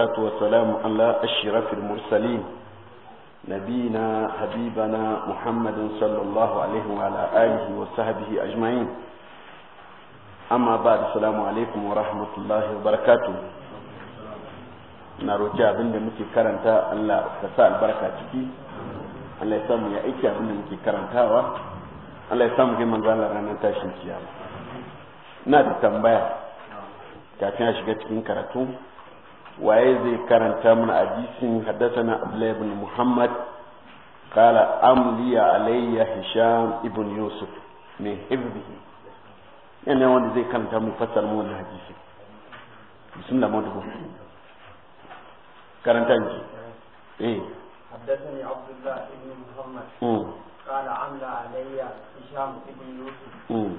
والصلاة mursalin على habibana المرسلين نبينا حبيبنا محمد صلى الله عليه وعلى آله وصحبه أجمعين أما بعد na abin da muke karanta Allah ka sa albarka ciki Allah ya samu ya aiki abin da muke karantawa Allah ya samu kai manzo ranar tashin kiyama ina da tambaya kafin a shiga cikin karatu waye zai karanta mana hadisin haddathana Abdullah ibn Muhammad qala amliya alayya Hisham ibn Yusuf min hibbihi yana wanda zai karanta mu fassar mu wannan hadisi bismillah mutubu karanta ji eh حدثني عبد Ibn Muhammad. Hmm. qala amla alayya Hisham ibn Yusuf يوسف hmm.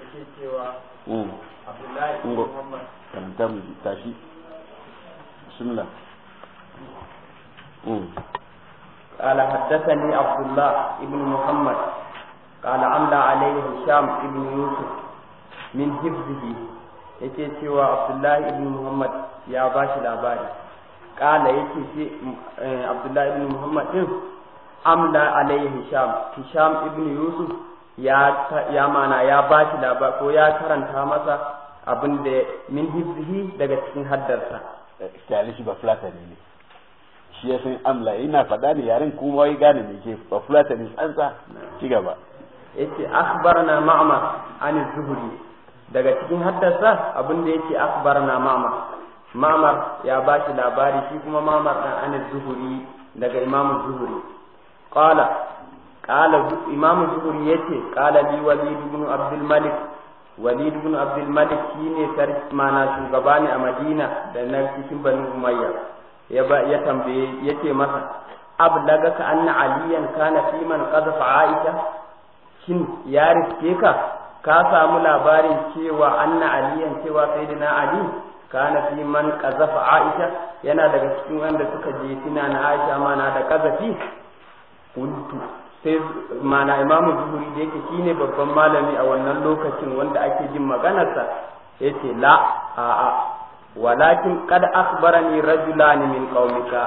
yake cewa hmm. Abdullahi Muhammad karanta mu tashi بسم الله قال حدثني عبد الله بن محمد قال عمل عليه هشام بن يوسف من حفظه yake cewa abdullahi ibn muhammad ya ba shi labari kala yake ce abdullahi ibn muhammad din amla alayhi hisham hisham ibn yusuf ya ya mana ya ba shi labari ko ya karanta masa abin da min hizbihi daga cikin haddarsa kyale shi ba flatter ne shi ya san amla ina faɗa ne yaren kuma wai gane ne ke ba ne san sa ci gaba yace akhbarna ma'mar an zuhri daga cikin haddasa abin da yake akhbarna ma'mar ma'mar ya ba shi labari shi kuma ma'mar kan an zuhri daga imam zuhri qala qala imam zuhri yace qala li walid ibn abdul malik walid bin abdul malik shine sarki mana shugaba ne a madina da na cikin bani umayya ya ba ya tambaye yace masa ablagaka anna aliyan kana fi man qadfa aisha shin ya riske ka ka samu labarin cewa anna aliyan cewa sayyidina ali kana fi man qazafa aisha yana daga cikin wanda suka je tunana na aisha mana da qazafi kuntu sai mana imamu zuhuri da yake shine babban malami a wannan lokacin wanda ake jin maganarsa ce la a a walakin qad akhbarani rajulan min qaumika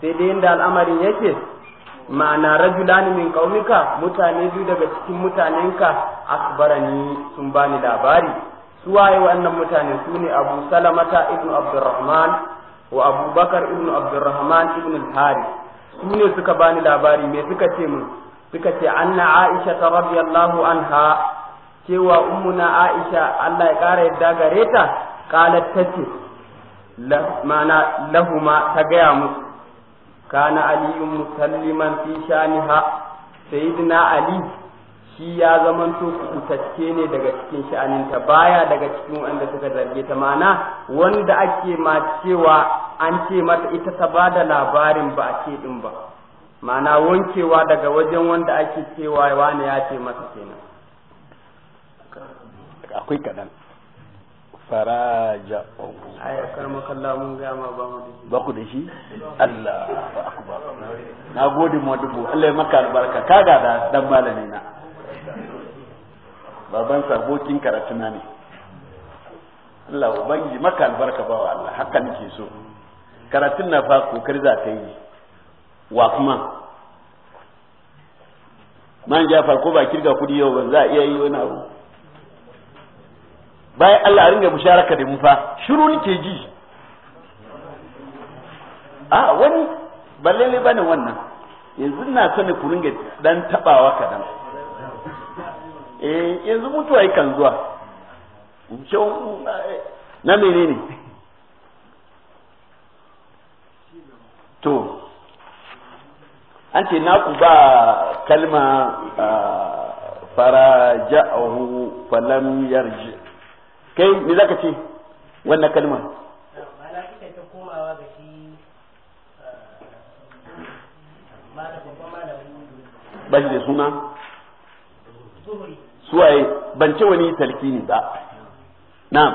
sai dai inda al'amarin yake ma'ana rajulan min qaumika mutane biyu daga cikin mutanenka akhbarani sun bani labari su waye wannan mutane su ne Abu Salamata ibn Abdurrahman wa abubakar ibnu ibn Abdurrahman ibn al-Harith su ne suka bani labari me suka ce mun suka ce anna aisha ta radiyallahu anha cewa ummuna aisha Allah ya kara yadda gare ta qalat tace mana lahuma ta gaya musu kana ali musalliman fi shaniha sayyidina ali shi ya zamanto tace ne daga cikin sha'aninta baya daga cikin wanda suka zarge ta mana wanda ake ma cewa an ce mata ita ta bada labarin ba a ce din ba ma'ana wankewa daga wajen wanda ake cewa wani ya ce masa kenan akwai kaɗan faraja ai karma kallah mun ga ma ba mu ba ku da shi Allah ba na gode mu dubu Allah ya maka albarka ga da dan malami na baban sabokin karatuna ne Allah ubangi maka albarka bawa Allah haka nake so karatun na fa kokari za ta yi wa kuma man jafar ko ba kirga kudi yau ba za a iya yi wani abu bayan Allah a ringa musharaka da mu fa shiru nake ji a wani ba ne bane wannan yanzu na ne ku ringa dan tabawa kadan eh yanzu mutuwa yakan zuwa na menene to an ce naku ba kalma faraja'ahu falam yarji kai za zaka ce wannan kalma ba shi da suna suwaye ban ce wani ne ba na'am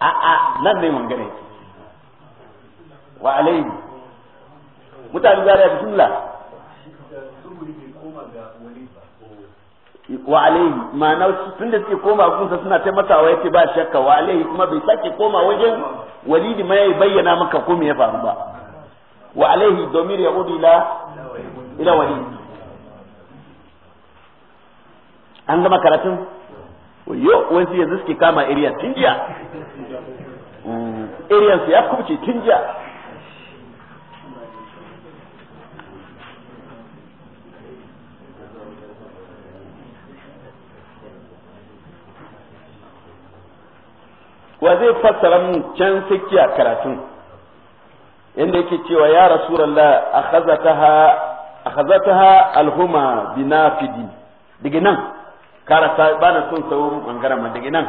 a'a nan ne mangana yake wa alaihi mutane za da bismillah wa alaihi ma'ana tun da suke koma gunsa suna taimakawa mata yace ba shakka wa alaihi kuma bai sake koma wajen walidi ma ya bayyana maka ko me ya faru ba wa alaihi domir ya udi ila ila walidi an gama karatun yo wansu yanzu suke kama iriyan tun jiya iriyan mm, su ya kubce tun jiya wa zai fassara mun can a karatun inda yake cewa ya rasulallah akhazataha akhazataha alhuma binafidi daga nan karasa ba na son sauran bangaren man daga nan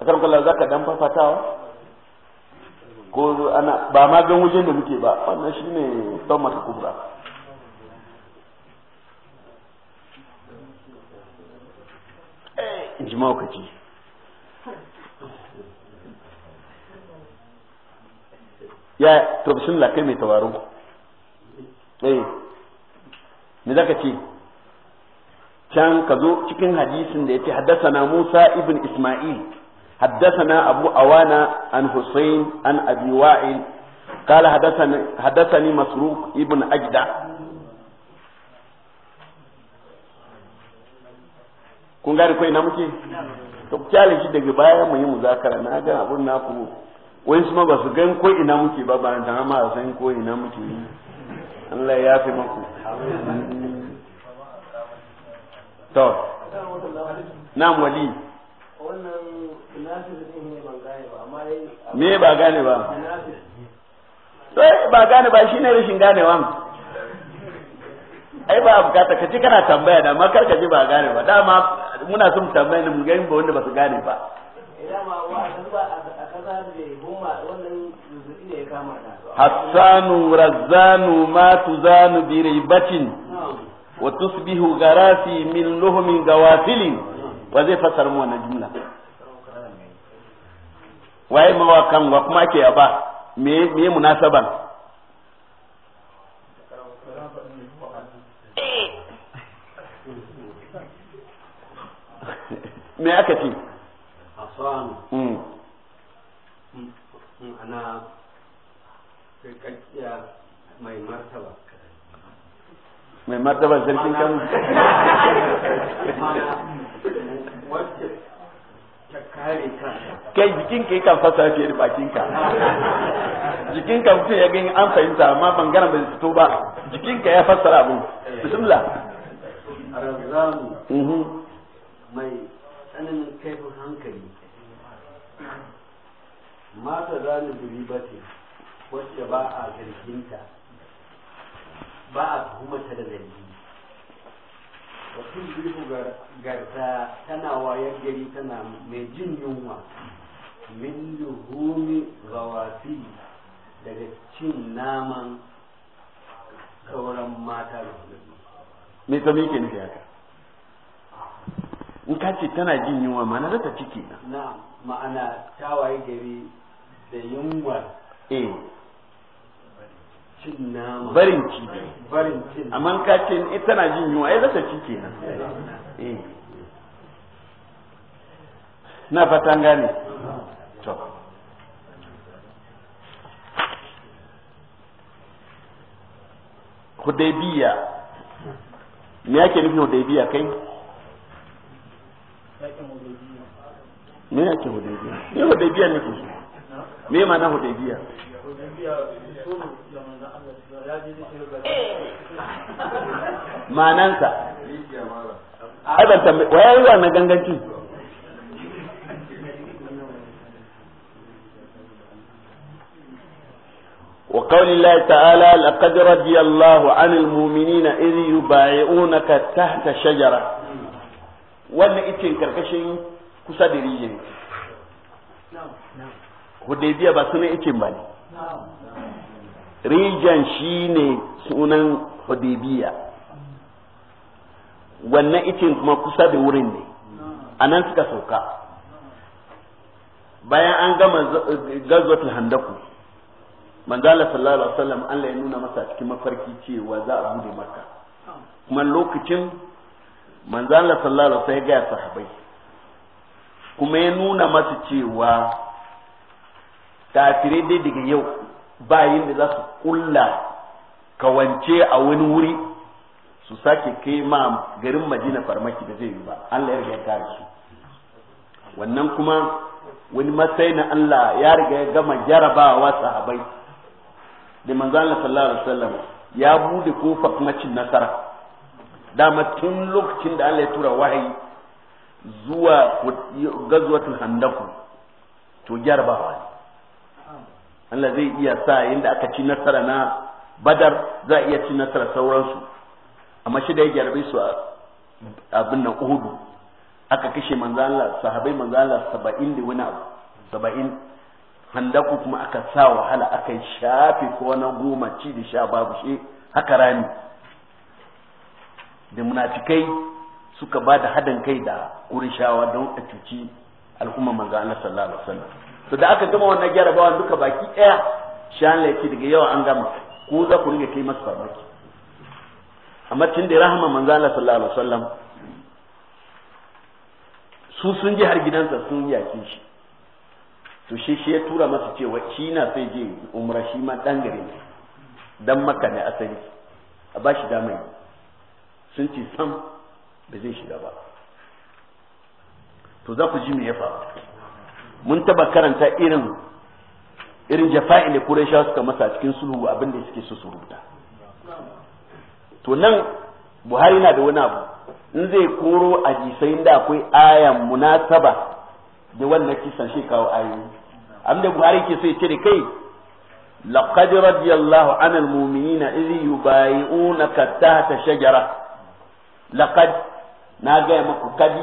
a karkula za ka dan fafatawa ko ana ba ma gan wajen da muke ba wannan shi ne son mata kubra eh, in ji mawakaci ya to bishin lakai mai tawaro eh me ka ce can ka zo cikin hadisin da yace haddathana Musa ibn Isma'il haddathana Abu Awana an Hussein an Abi Wa'il قال حدثني حدثني مسروق ابن أجدع kun gane ko ina muke to kyale shi daga baya mu yi muzakara na ga abun na ku wai kuma ba su gan ko ina muke ba ba ran ma sai ko ina muke Allah ya fi maku to nan wali me ba gane ba sai ba gane ba shine rashin ganewa ai ba bukata ka ji kana tambaya da ma kar ka ji ba gane ba dama muna son tambaya ne mu ga ba wanda ba su gane ba Hassanu razzanu ma tuzanu bi ribatin wa tusbihu garasi min luhumin gawafilin wa zai fasar mu wannan jumla waye mawakan wa kuma ke ba me me munasaban me aka ce asan mm ana kakkiya mai martaba mai martaba sarkin kano kai jikin ka kan fasa fiye da bakin ka jikin ka mutum ya gani an fahimta amma bangaren bai fito ba jikin ka ya fassara abu bismillah arzamu mhm. mai tsananin kaifin hankali mata ba ce wacce ba a ta. ba a tuhumata da zargi Wasu biyu garta tana wayar gari tana mai jin yunwa min luhumi zawafi daga cin naman sauran mata me ta mike ne haka in ka ce tana jin yunwa ma'ana zata ciki na ma'ana ta waye gari da yunwa eh barin ci barin ci amma ka ce in tana jin yunwa ai zata ci kenan eh. na fatan gane to Hudaybiya me yake nufin Hudaybiya kai me yake Hudaybiya me Hudaybiya nake me ma'ana Hudaybiya Hudaybiya manansa ai ban wa wannan ganganci وقول الله تعالى لقد رضي الله عن المؤمنين إذ يبايعونك تحت شجرة وأن إتين كركشين ba هديبيا بسنة إتين بني rijan shi ne sunan hudibiya wannan itin kuma kusa da wurin ne a nan suka sauka bayan an gama gazwatul handaku manzala sallallahu alaihi wasallam Allah ya nuna masa cikin mafarki cewa za a bude maka kuma lokacin manzala sallallahu alaihi wasallam ya ga sahabai kuma ya nuna masa cewa kafirai dai daga yau ba yin da za su kulla kawance a wani wuri su sake kai ma garin madina farmaki da zai yi ba Allah ya riga ya kare su wannan kuma wani matsayi na Allah ya riga ya gama jarabawa sahabai da manzo Allah sallallahu alaihi wasallam ya bude kofa kuma nasara dama tun lokacin da Allah ya tura wahayi zuwa gazuwatul handaku to jarabawa ne Allah zai iya sa yadda aka ci nasara na badar za a iya ci nasara sauransu amma shi da ya gyarbe su a abin nan uhudu aka kashe manzala sahabai manzala saba'in da wani abu saba'in handaku kuma aka sa wahala aka shafe ko na goma ci da sha babu shi haka rami da munafikai suka ba da haɗin kai da kurishawa don a cuci al'umma manzo Allah sallallahu alaihi wasallam to da aka gama wannan gyara bawan duka baki daya shan laifi daga yawa an gama ku za ku ringa kai masa farmaki amma tun da rahama manzo Allah sallallahu alaihi wasallam su sun ji har gidansa sun yake shi to shi shi ya tura masa cewa shi na sai je umra shi ma dan gare ne dan makka ne asali a ba shi damai sun ci sam ba zai shiga ba to za ku ji me ya faru mun taba karanta irin irin jafa'i ne suka masa cikin sulhu abin da suke so su rubuta to nan Buhari na da wani abu in zai koro hadisai da akwai ayan munasaba da wannan kisan shi kawo ayoyi abinda Buhari ke so ya ce da kai laqad radiyallahu anil mu'minina idh yubayi'unaka tahta shajara laqad na gaya maku kadi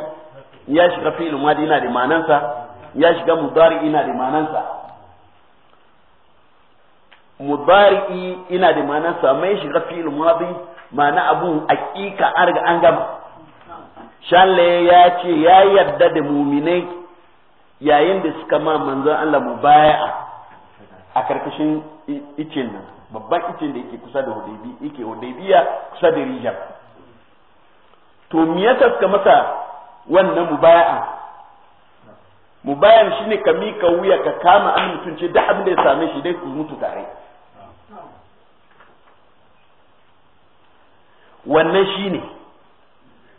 ya shiga fi'il madina na da manansa ya shiga mudari ina da manansa mudari ina da manansa mai shiga fi'il madi ma'ana abun hakika an riga an gama shalle ya ce ya yarda da muminai yayin da suka ma manzon Allah mubaya'a a karkashin icin nan babban icin da yake kusa da hudaybi yake hudaybiya kusa da rijab to me yasa suka masa wannan mubaya'a mubayan shine ka mika wuya ka kama an mutunce duk abin da ya same shi dai ku mutu tare wannan ne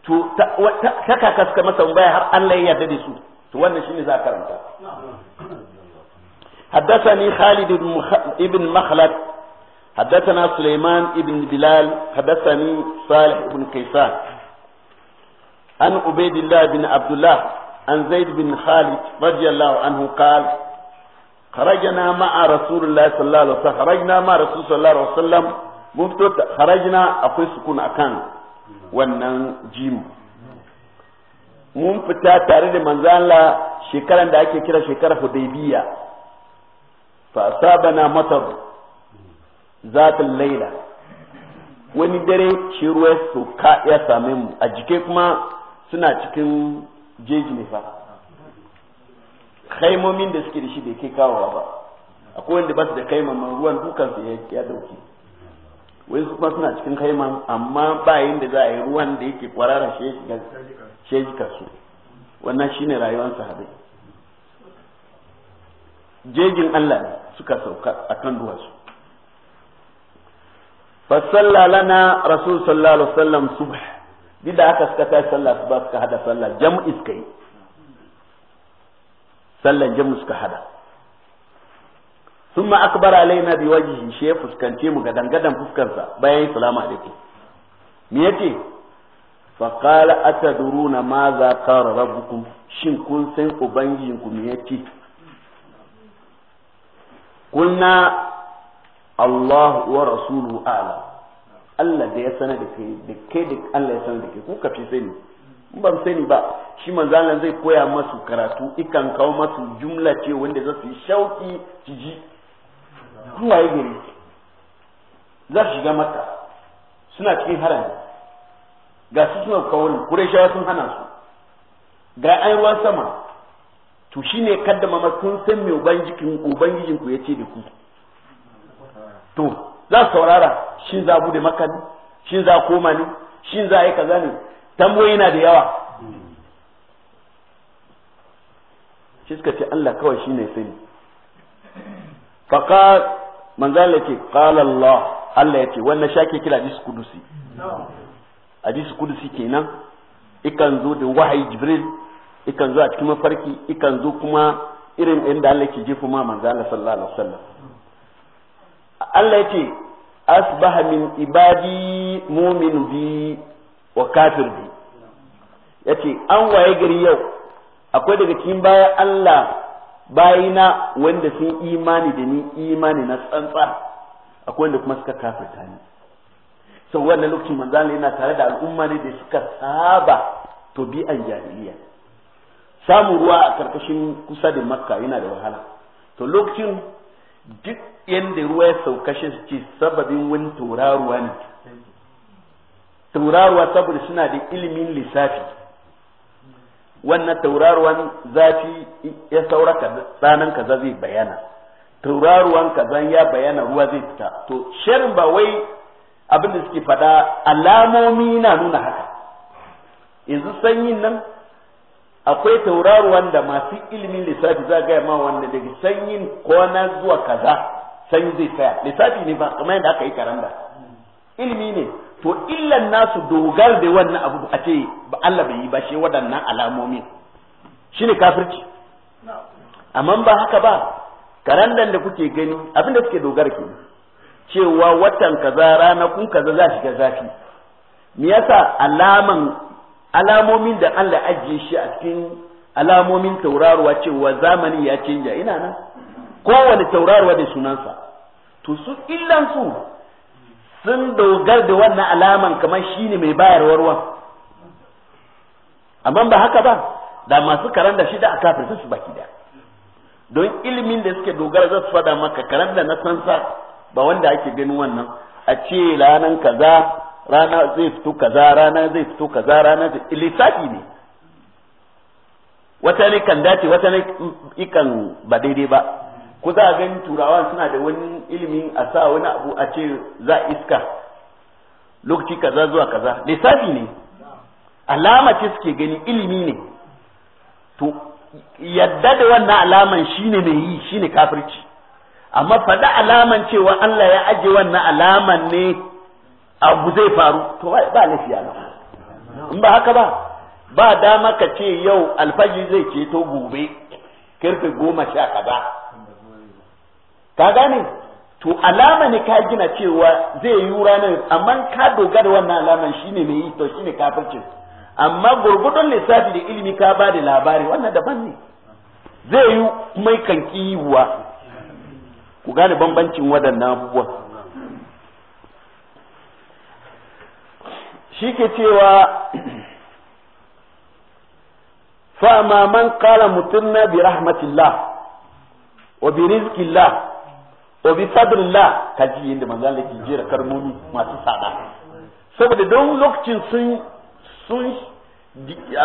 to ta kaka masa mubaya har Allah ya yarda da su to wannan ne za a karanta حدثني خالد بن مخلد حدثنا سليمان بن بلال حدثني صالح بن كيسان عن عبيد الله بن عبد الله عن زيد بن خالد رضي الله عنه قال خرجنا مع رسول الله صلى الله عليه وسلم خرجنا مع رسول الله صلى الله عليه وسلم مفتوت خرجنا akwai سكون akan wannan jim mun fita tare da manzala shekaran da ake kira shekarar hudaybiya fa sabana matar zatul laila wani dare shi ruwa ya same mu a jike kuma suna cikin jeji ne fa kaimomin da suke da shi bai kai kawowa ba akwai wanda ba su da kaiman ruwan dukan su ya dauke wai su kuma suna cikin kaiman amma ba yin da za a yi ruwan da yake kwarara shejikar su wannan shine rayuwar sahabai jejin Allah ne suka sauka akan duwatsu fasalla lana rasul sallallahu alaihi wasallam subh duk da aka suka tashi sallah su ba suka hada sallah jam'i suka yi sallah jam'i suka hada sun ma akbar alaina bi wajihi shi ya fuskance mu gadan gadan fuskarsa bayan salamu alaikum me yace fa qala atadruna ma za qara rabbukum shin kun san ku me yace kunna Allah wa rasuluhu a'lam Allah da ya sanar da kai da kai da Allah ya sanar da kai ku ka fi sani in ba sani ba shi manzalan zai koya masu karatu ikan kawo masu jumla ce wanda za su yi shauki su ji kuma ya gari za su shiga maka suna cikin harami ga su suna kawo kureshi sun hana su ga an ruwan sama to shine kaddama masu kun san me ubangijin ubangijin ku yace da ku to za su saurara shin za bude maka ne shin za koma ne shin za yi kaza ne tamboyi na da yawa shi suka ce Allah kawai shi ne sani faka manzala ke qala Allah Allah ya ce wannan shake kira hadis kudusi hadis kudusi kenan ikan zo da wahayi jibril ikan zo a cikin mafarki ikan zo kuma irin inda Allah ke jefa ma manzala sallallahu alaihi wasallam Allah ya ce asbaha min ibadi mumin bi wa kafir bi ya ce an waye gari yau akwai daga cikin bayan Allah bayina wanda sun imani da ni imani na tsantsa akwai wanda kuma suka kafirta ni sau wannan lokacin manzan yana tare da al'umma ne da suka saba to bi an jahiliya samun ruwa a karkashin kusa da makka yana da wahala to lokacin duk yadda ruwa ya sauka shi ce sababin wani tauraruwa ne tauraruwa saboda suna da ilimin lissafi wannan tauraruwan zafi ya saura tsanan kaza zai bayana tauraruwan kaza ya bayana ruwa zai fita to shirin ba wai abin da suke fada alamomi na nuna haka yanzu sanyin nan akwai tauraruwan da masu ilimin lissafi za gaya ma wanda daga sanyin kwana zuwa kaza Sayu zai tsaya lissafi ne ba kamar yadda aka yi karanda ilimi ne to illan nasu dogar da wannan abu a ce ba Allah bai yi ba shi waɗannan alamomi shine kafirci amma ba haka ba karandan da kuke gani abin da suke dogara ke cewa watan kaza rana ranakun kaza za shiga zafi me yasa alaman alamomin da Allah ajiye shi a cikin alamomin tauraruwa cewa zamani ya canja ina nan kowane tauraruwa da sunansa to su illan su sun dogar da wannan alaman kamar shine mai bayarwar ruwan amma ba haka ba da masu karan da shida a kafin su baki da don ilimin da suke dogara za su fada maka karan na sansa sa ba wanda ake ganin wannan a ce ranan kaza rana zai fito kaza rana zai fito kaza rana lissafi ne wata ne kan dace wata ne ikan ba daidai ba ku za a gani turawan suna da wani ilimi a sa wani abu a ce za iska lokaci kaza zuwa kaza lissafi ne alama ce suke gani ilimi ne to yadda da wannan alaman shine mai yi shine kafirci amma faɗa alaman cewa Allah ya aje wannan alaman ne abu zai faru to ba lafiya nan in ba haka ba ba dama ka ce yau alfaji zai ceto gobe karfe goma sha kaza ka gane to alama ne ka gina cewa zai yi ranar amma ka dogara wannan alaman shine mai to shine kafircin amma gurgudun lissafi da ilimi ka ba da labari wannan daban ne zai yi mai kan yiwuwa ku gane bambancin waɗannan abubuwan shi ke cewa ma man kala mutum na bi rahmatillah wa bi rizkillah wa bi fadlillah ka ji yadda manzo Allah ke jira karmomi masu tsada saboda don lokacin sun sun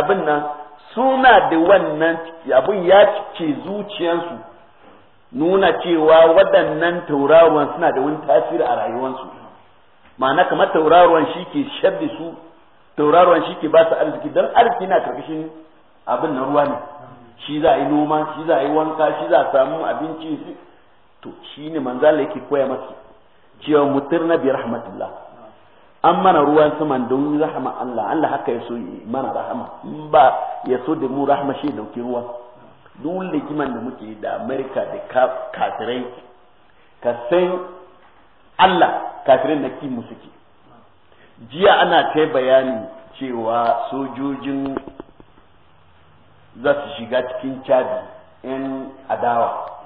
abin nan suna da wannan abin ya cike zuciyansu nuna cewa waɗannan tauraruwan suna da wani tasiri a rayuwarsu ma'ana kamar tauraruwan shi ke shabbi su tauraruwan shi ke ba su arziki don arziki na karkashin abin na ruwa ne shi za a yi noma shi za a yi wanka shi za a samu abinci to shi ne shine manzala yake koya masa cewa mutirna bi rahmatillah an mana ruwan saman don rahama Allah Allah haka ya so mana rahama in ba ya so da mu rahama shi dauke ruwa duk likiman da muke da America da kafirai ka san Allah kafirin na kimu suke jiya ana ta bayani cewa sojojin za su shiga cikin cadi 'yan adawa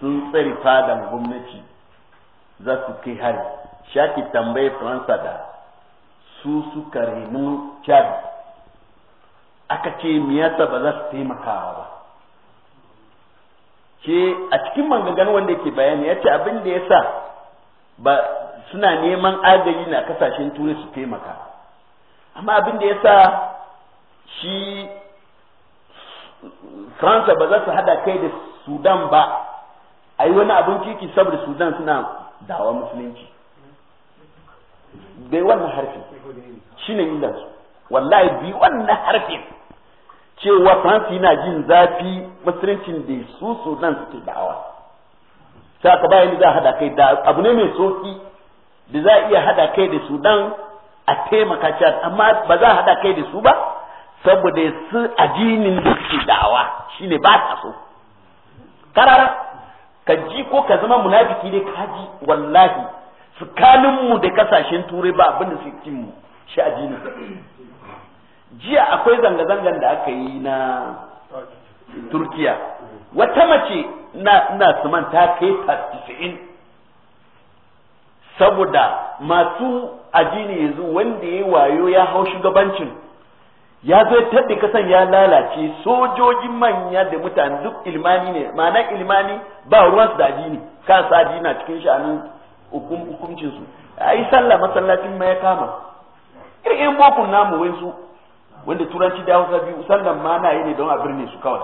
sun tsari fadan gwamnati za su kai hari shaki tambaye faransa da su suka renin chad aka ce miyasa ba za su taimakawa ba ke a cikin mangagan wanda yake bayani ya ce abin da ya sa ba suna neman agaji na kasashen turai su taimaka amma abin da ya sa shi faransa ba za su hada kai da sudan ba ai wani abin kiki saboda sudan suna dawa musulunci bai wannan harfi shine illan su wallahi bi wannan harfin cewa fansi na jin zafi musuluncin da su sudan suke dawa. sai aka bayan za a hada kai da abu ne mai soki da za a iya hada kai da sudan a taimaka chat amma ba za a hada kai da su ba saboda su addinin da suke dawa. shine ba ta so karara ka ji ko ka zama munafiki ne ka ji wallahi tsakanin mu da kasashen turai ba abin da suke mu shi a jiya akwai zanga-zangan da aka yi na turkiya wata mace na ina suman ta kai ta saboda masu addini yanzu wanda ya wayo ya hau shugabancin ya zo taɗe kasan ya lalace sojojin manya da mutane duk ilmani ne ma'ana ilmani ba ruwan su da addini kan sa na cikin sha'anin hukuncin su ai sallah masallacin ma ya kama irin bokun namu wai su wanda turanci da hausa biyu sallan ma na yi ne don a birne su kawai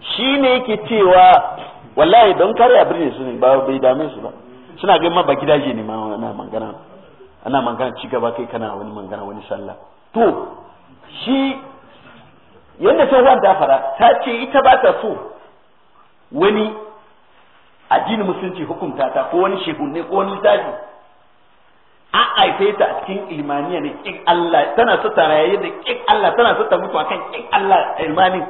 shi ne yake cewa wallahi don kare a birne su ne ba bai dame su ba suna ganin ma ba gidaje ne ma ana magana ana magana ci gaba kai kana wani magana wani sallah to shi yadda tsohuwar ta fara ta ce ita ba ta so wani addinin musulunci hukunta ta ko wani ne ko wani littafi an aife ta a cikin imaniya ne kin Allah tana so ta rayaye da kin Allah tana so ta mutu akan kin Allah imani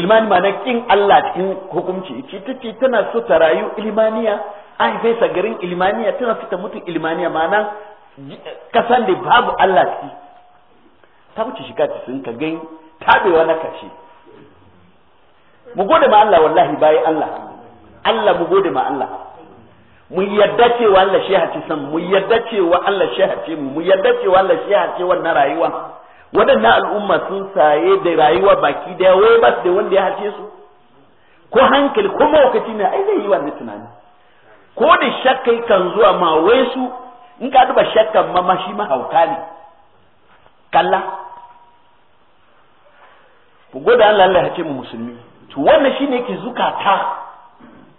ilmani ma na kin Allah cikin hukunci ce ce tana so ta rayu ilmaniya an haife sa garin ilmaniya tana so ta mutu ilmaniya ma'ana kasan da babu Allah ciki ta wuce shiga cikin ka gani tabewa na kashi mu gode ma Allah wallahi bai Allah Allah mu gode ma Allah mu yadda cewa Allah shi hace san mu yadda cewa Allah shi hace mu mu yadda cewa Allah shi hace wannan rayuwa waɗannan al'umma sun saye da rayuwa baki da wai ba da wanda ya hace su ko hankali ko mawakaci ne ai zai yi wannan tunani ko da shakkai kan zuwa ma wai su in ka duba shakkan ma shi mahauka ne kalla ku goda an lalle ya ce mu musulmi to wannan ne ke zukata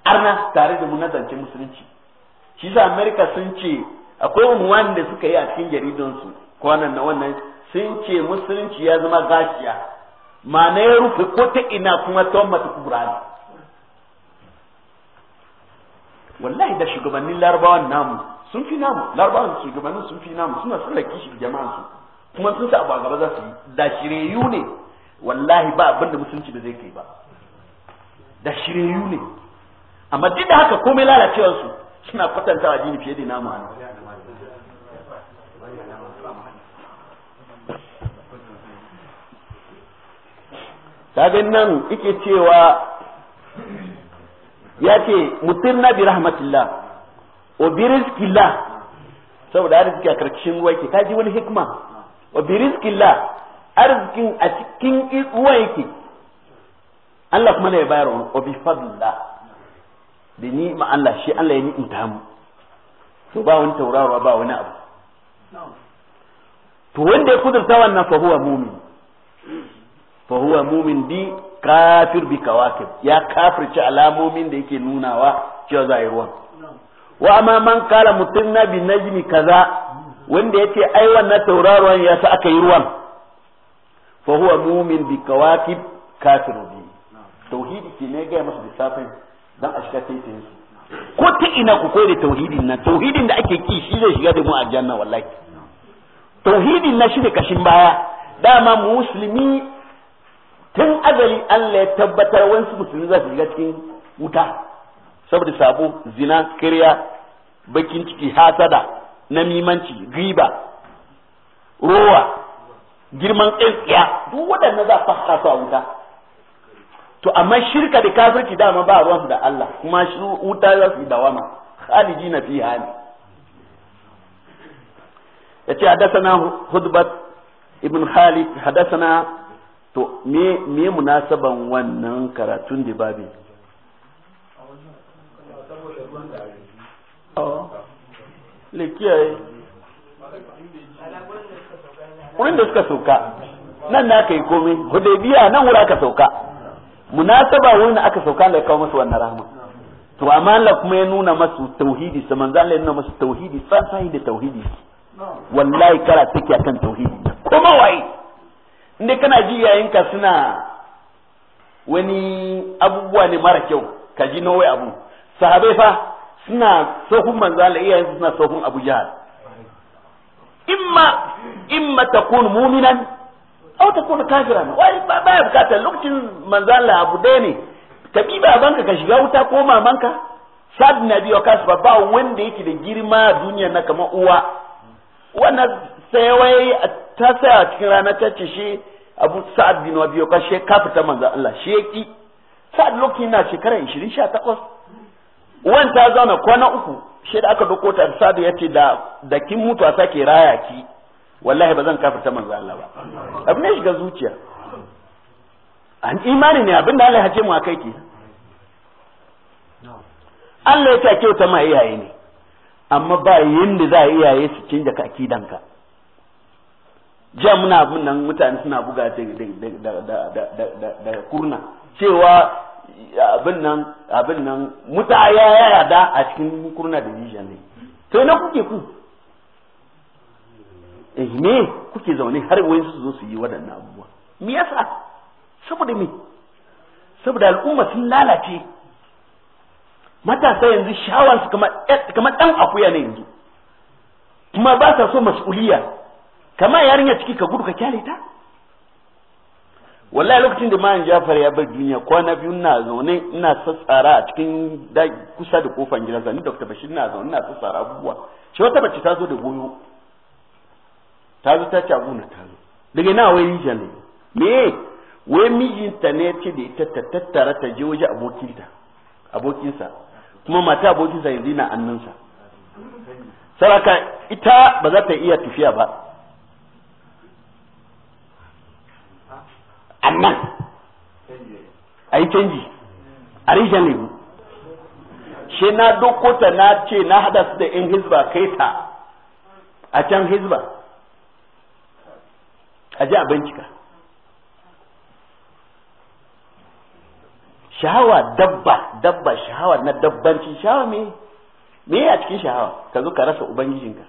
arna tare da mu nazarce musulunci shi sa America sun ce akwai unwan da suka yi a cikin jaridun su kwanan na wannan sun ce musulunci ya zama gashiya ma'ana ya rufe ko ta ina kuma tomat mata wallahi da shugabannin larabawan namu sun fi namu larabawan gabanin sun fi namu suna sun laki shi jama'an su kuma sun sa abu gaba za su yi da shireyu ne wallahi ba abin da musulunci da zai kai ba da shireyu ne amma duk da haka komai lalacewar su suna kwatanta jini fiye da namu a Sabin nan ike cewa ya ce mutum na bi rahmatullah wa bi rizqillah saboda arziki a karkashin ruwa yake ji wani hikma wa bi rizqillah arzikin a cikin ruwa yake Allah kuma ne ya bayar wa bi fadlillah da ni ma Allah shi Allah ya ni'imta mu to ba wani tauraro ba wani abu to wanda ya kudurta wannan fa huwa mumin fa huwa mumin bi kafir bi kawakib ya kafirci alamomin da yake nunawa cewa za a yi ruwan wa amma man kala mutum na bi najmi kaza wanda yace ai wannan tauraruwan ya sa aka yi ruwan fa huwa mu'min bi kawakib kafiru tauhidi ki ne ga masa lissafin dan a shiga taitin su ko ta ina ku koyi da tauhidin nan tauhidin da ake ki shi zai shiga da mu aljanna wallahi tauhidin na shi ne kashin baya dama musulmi tun azali Allah ya tabbatar wasu musulmi za su shiga cikin wuta saboda sabo zina kirya bakin ciki hasada namimanci riba rowa girman tsintsiya duk waɗannan za a fara su a wuta to amma shirka da kafirci dama ba ruwan da Allah kuma shi wuta za su yi dawama khaliji na fi hali yace hadathana hudbat ibn khalid hadathana to me me munasaban wannan karatun da babin le kiyaye wurin da suka sauka nan na yi komai hudaybiya nan wura aka sauka munasaba wurin da aka sauka da kawo masu wannan rahama to amma Allah kuma ya nuna masu tauhidi sa manzo Allah ya nuna masu tauhidi tsantsani da tauhidi wallahi kara take akan tauhidi kuma wai. inda kana ji yayin ka suna wani abubuwa ne mara kyau ka ji nawai abu sahabai fa suna sahun manzo Allah su suna sahun Abu Jahal imma imma takun mu'minan aw takun kafiran wai ba ya bukatar lokacin manzo Allah abu Dai ne tabi banka ka shiga wuta ko mamanka sad na biyo kasu ba wanda yake da girma a duniya na kamar uwa wannan sai wai ta tsaya a cikin rana ta ce shi abu sa'ad bin biyo ka shi ka manzo Allah shi yaki sa'ad lokacin na shekara 28 wan ta zauna kwana uku shi da aka doko ta sadu ya ce da da kin mutu a sake raya ki wallahi ba zan kafirta manzo Allah ba abin ne shiga zuciya an imani ne abin da Allah ya ce mu akai ke Allah ya ce ta ma iyaye ne amma ba yinda za a iyaye su canja ka akidanka jiya muna abin nan mutane suna buga da kurna cewa abin nan abin nan muta ya yada a cikin kurna da vision ne sai na kuke ku eh me kuke zaune har wai su zo su yi waɗannan abubuwa me yasa saboda me saboda al'umma sun lalace matasa yanzu shawar su kamar dan akuya ne yanzu kuma ba sa so mas'uliya kamar yarinya ciki ka gudu ka kyale ta wallahi lokacin da mayan jafar ya bar duniya kwana biyu na zaune ina sassara a cikin kusa da kofan gidansa ni dr bashir na zaune ina sassara abubuwa shi wata bace ta zo da goyo ta zo ta ci abu na ta zo daga na wai rija ne me wai mijinta ne ce da ita ta tattara ta je waje abokinta abokinsa kuma mata abokinsa yanzu na annansa saraka ita ba za ta iya tafiya ba a nan a yi canji a rijiyar ne shi na dokota na ce na hada su da yan hizba kai ta a can hizba a ji a bincika shahawa dabba dabba shahawa na dabbanci shahawa me me a cikin shahawa ka zo ka rasa ubangijinka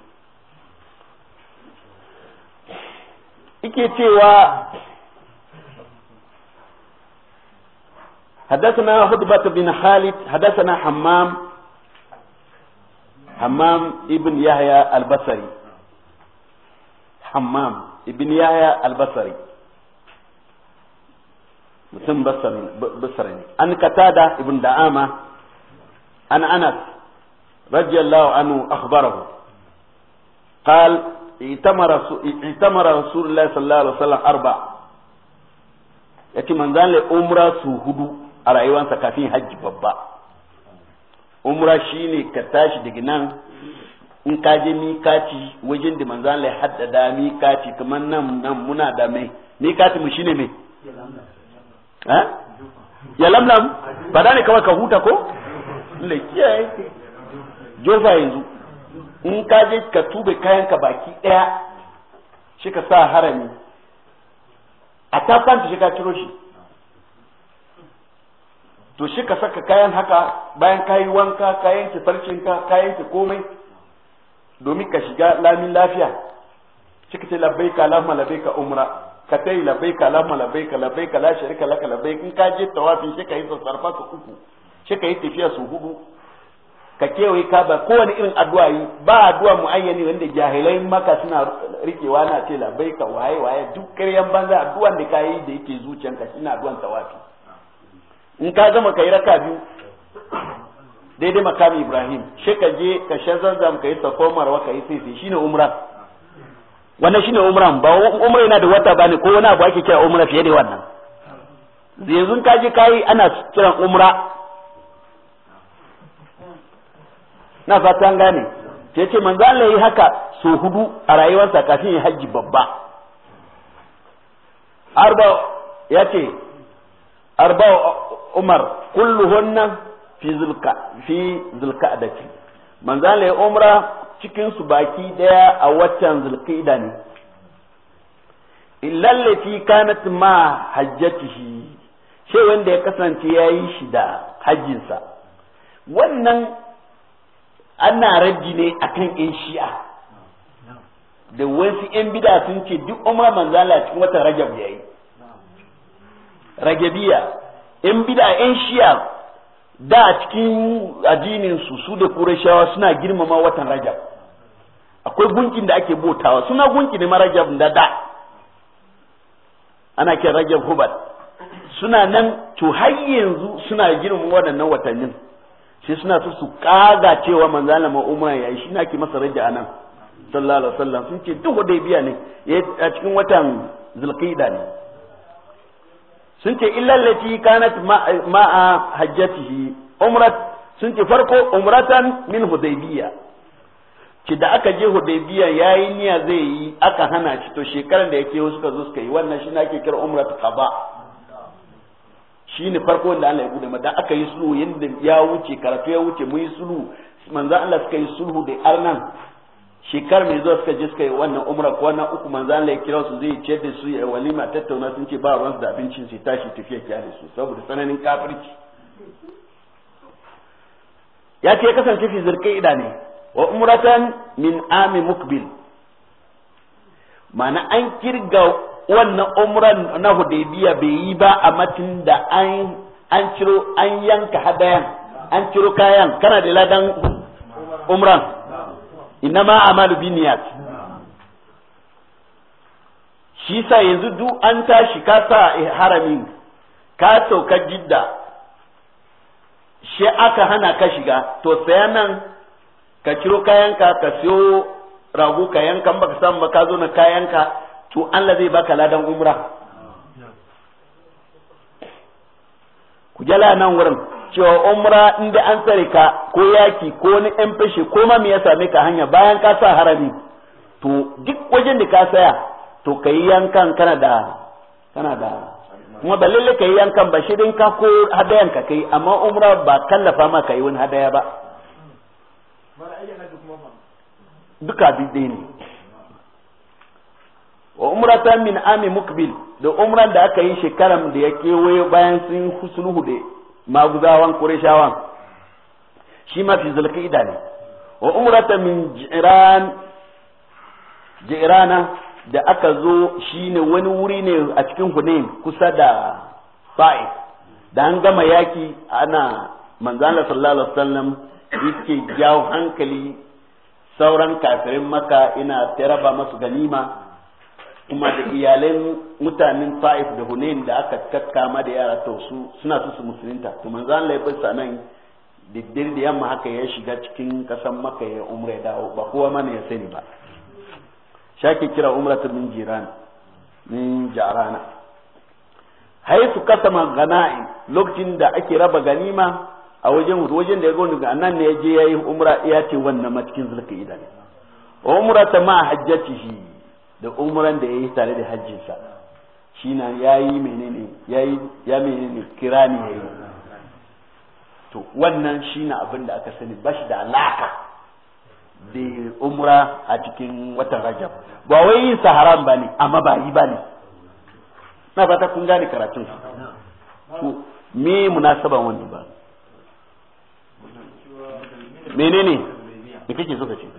ike cewa حدثنا هدبة بن خالد حدثنا حمام حمام ابن يحيى البصري حمام ابن يحيى البصري مسلم بصري بصري عن قتادة ابن دعامة عن أنس رضي الله عنه أخبره قال ائتمر رسول الله صلى الله عليه وسلم أربع لكن من ذلك أمرا سوهدو a rayuwarsa kafin hajji babba umra shine ka tashi daga nan in ka je mikati wajen da manzo Allah ya haddada mikati kamar nan nan muna da mai mikati mu shine mai ha ya lamlam ba da ne kawai ka huta ko le kiyaye jofa yanzu in ka je ka tube kayan ka baki daya shi ka sa harami a tafanta shi ka ciro shi to shi ka saka kayan haka bayan ka yi wanka ka yanke farcinka ka yanke komai domin ka shiga lamin lafiya shi ka ce ka lamma ka umra ka tai ka lamma labbaika ka la shirka laka labbaik in ka je tawafi shi ka yi sassarfa su uku shi ka yi tafiya su hudu ka kewaye ka ba kowane irin addu'a yi ba addu'a muayyani wanda jahilai maka suna rikewa na ce ka waye waye duk ƙaryan banza addu'an da ka yi da yake zuciyanka shi na addu'an tawafi in ka gama kai raka biyu daidai makam ibrahim shi ka je ka sha zanzam ka yi sako marwa ka yi sai shine umra wannan shine umran ba umra yana da wata bane ko wani abu ake kira umra fiye da wannan yanzu ka je kai ana kiran umra na fatan gane ya ce manzo Allah yi haka so hudu a rayuwarsa kafin ya hajji babba arba ya ce arba umar kulluhunna fi zulka fi zulka adati manzala ya umra cikin su baki daya a watan zulqa'ida ne illal lati kanat ma hajjatihi shi wanda ya kasance yayi shi da hajjinsa wannan ana raji ne akan in shi'a da wasu 'yan bida sun ce duk umar manzala cikin watan rajab yayi ragabiya yan bida yan shiya da a cikin addinin su su da kurashawa suna girmama watan rajab akwai gunkin da ake botawa suna gunki ne marajab da da ana kira rajab hubal suna nan to har yanzu suna girmama waɗannan watannin sai suna so su kaga cewa manzo Allah umar yayi shi nake masa rajab anan sallallahu alaihi wasallam sun ce duk biya ne a cikin watan zulqa'ida ne sun ce illallati kanat ma'a hajjatihi umrat sun ce farko umratan min hudaybiya ki da aka je hudaybiya yayi niyya zai yi aka hana shi to shekaran da yake wasu suka zo suka yi wannan shi nake kira umrat qaba shine farko wanda Allah ya bude mata aka yi sulhu yanda ya wuce karatu ya wuce mun yi sulhu manzo Allah suka yi sulhu da arnan shekar mai zuwa suka je suka yi wannan umra ko wannan uku manzo Allah ya kira su zai ce da su ya walima tattauna sun ce ba ruwan da abincin sai tashi tafiya da su saboda tsananin kafirci ya ce kasance fi zirkai ida ne wa umratan min ami mukbil mana an kirga wannan umran na hudaybiya bai yi ba a matin da an an ciro an yanka hadayan an ciro kayan kana da ladan umran inama amalu biniyat shi sa yanzu duk an tashi ka sa haramin ka sauka jidda shi aka hana ka shiga to saya nan ka ciro kayanka ka siyo rago ka yanka baka samu ka zo na kayanka to Allah zai baka ladan umra ku jala nan wurin cewa umra inda an tsare ka ko yaki ko ni ɗan fashe ko ma me ya same ka hanya bayan ka sa harami to duk wajen da ka saya to kai yankan kana da kana da kuma ba lalle kai yankan ba shirin ka ko hadayan ka kai amma umra ba kallafa ma kai wani hadaya ba duka bidde ne wa umratan min ami mukbil da umran da aka yi shekaran da ya kewaye bayan sun husuluhu da maguzawan kureshawan shi ma fi zulqa'ida ne wa umrata min jiran jirana da aka zo shine wani wuri ne a cikin hunain kusa da fa'i da an gama yaki ana manzala sallallahu alaihi wasallam yake jawo hankali sauran kafirin maka ina ta raba masu ganima kuma da iyalai mutanen Taif da Hunain da aka kakkama da yara to su suna su su musulunta to manzo Allah ya bar nan da da yamma haka ya shiga cikin kasan Makka ya umra ya dawo ba kowa mana ya sani ba shake kira umratu min jiran min jarana haitu kasama gana'i lokacin da ake raba ganima a wajen wajen da ya gani ga nan ne ya je yayi umra ya ce wannan ma cikin zulka idan umrata ma hajjatihi da umran da yayi tare da hajjin sa shi na yayi menene yayi ya menene kirani yayi to wannan shi na abin da aka sani bashi da alaka da umra a cikin watan rajab ba wai yin sa haram bane amma ba yi bane na fata kun gane karatun to me munasaban wannan ba menene me kake so ka ce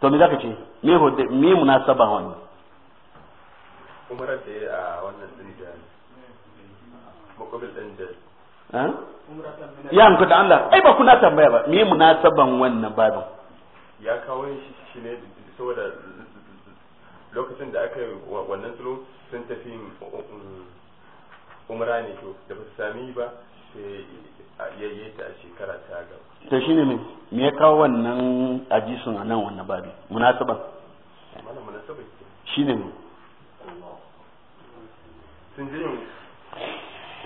to me zaka ce me hudda me munasaba wani ta yi a wannan din da mukabil din da ya hanku da Allah ai ba kuna tambaya ba me munasaban wannan babin ya kawo shi shi ne saboda lokacin da aka yi wannan sulhu sun tafi um, umra ne to da ba su sami ba sai ya ta a shekara ta gaba to ne me me ya kawo wannan ajisun a nan wannan babi munasaba mana munasaba shine me sun ji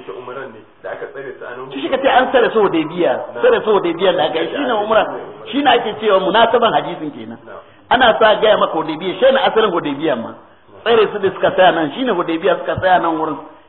ita umaran ne da aka tsare su a nan shi ce an tsare su wadai biya tsare su wadai biya da ne shine shi shine ake cewa munasaban hadisin kenan ana sa gaya maka biya, shi ne asalin biya ma tsare su da suka tsaya nan shi wadai biya suka tsaya nan wurin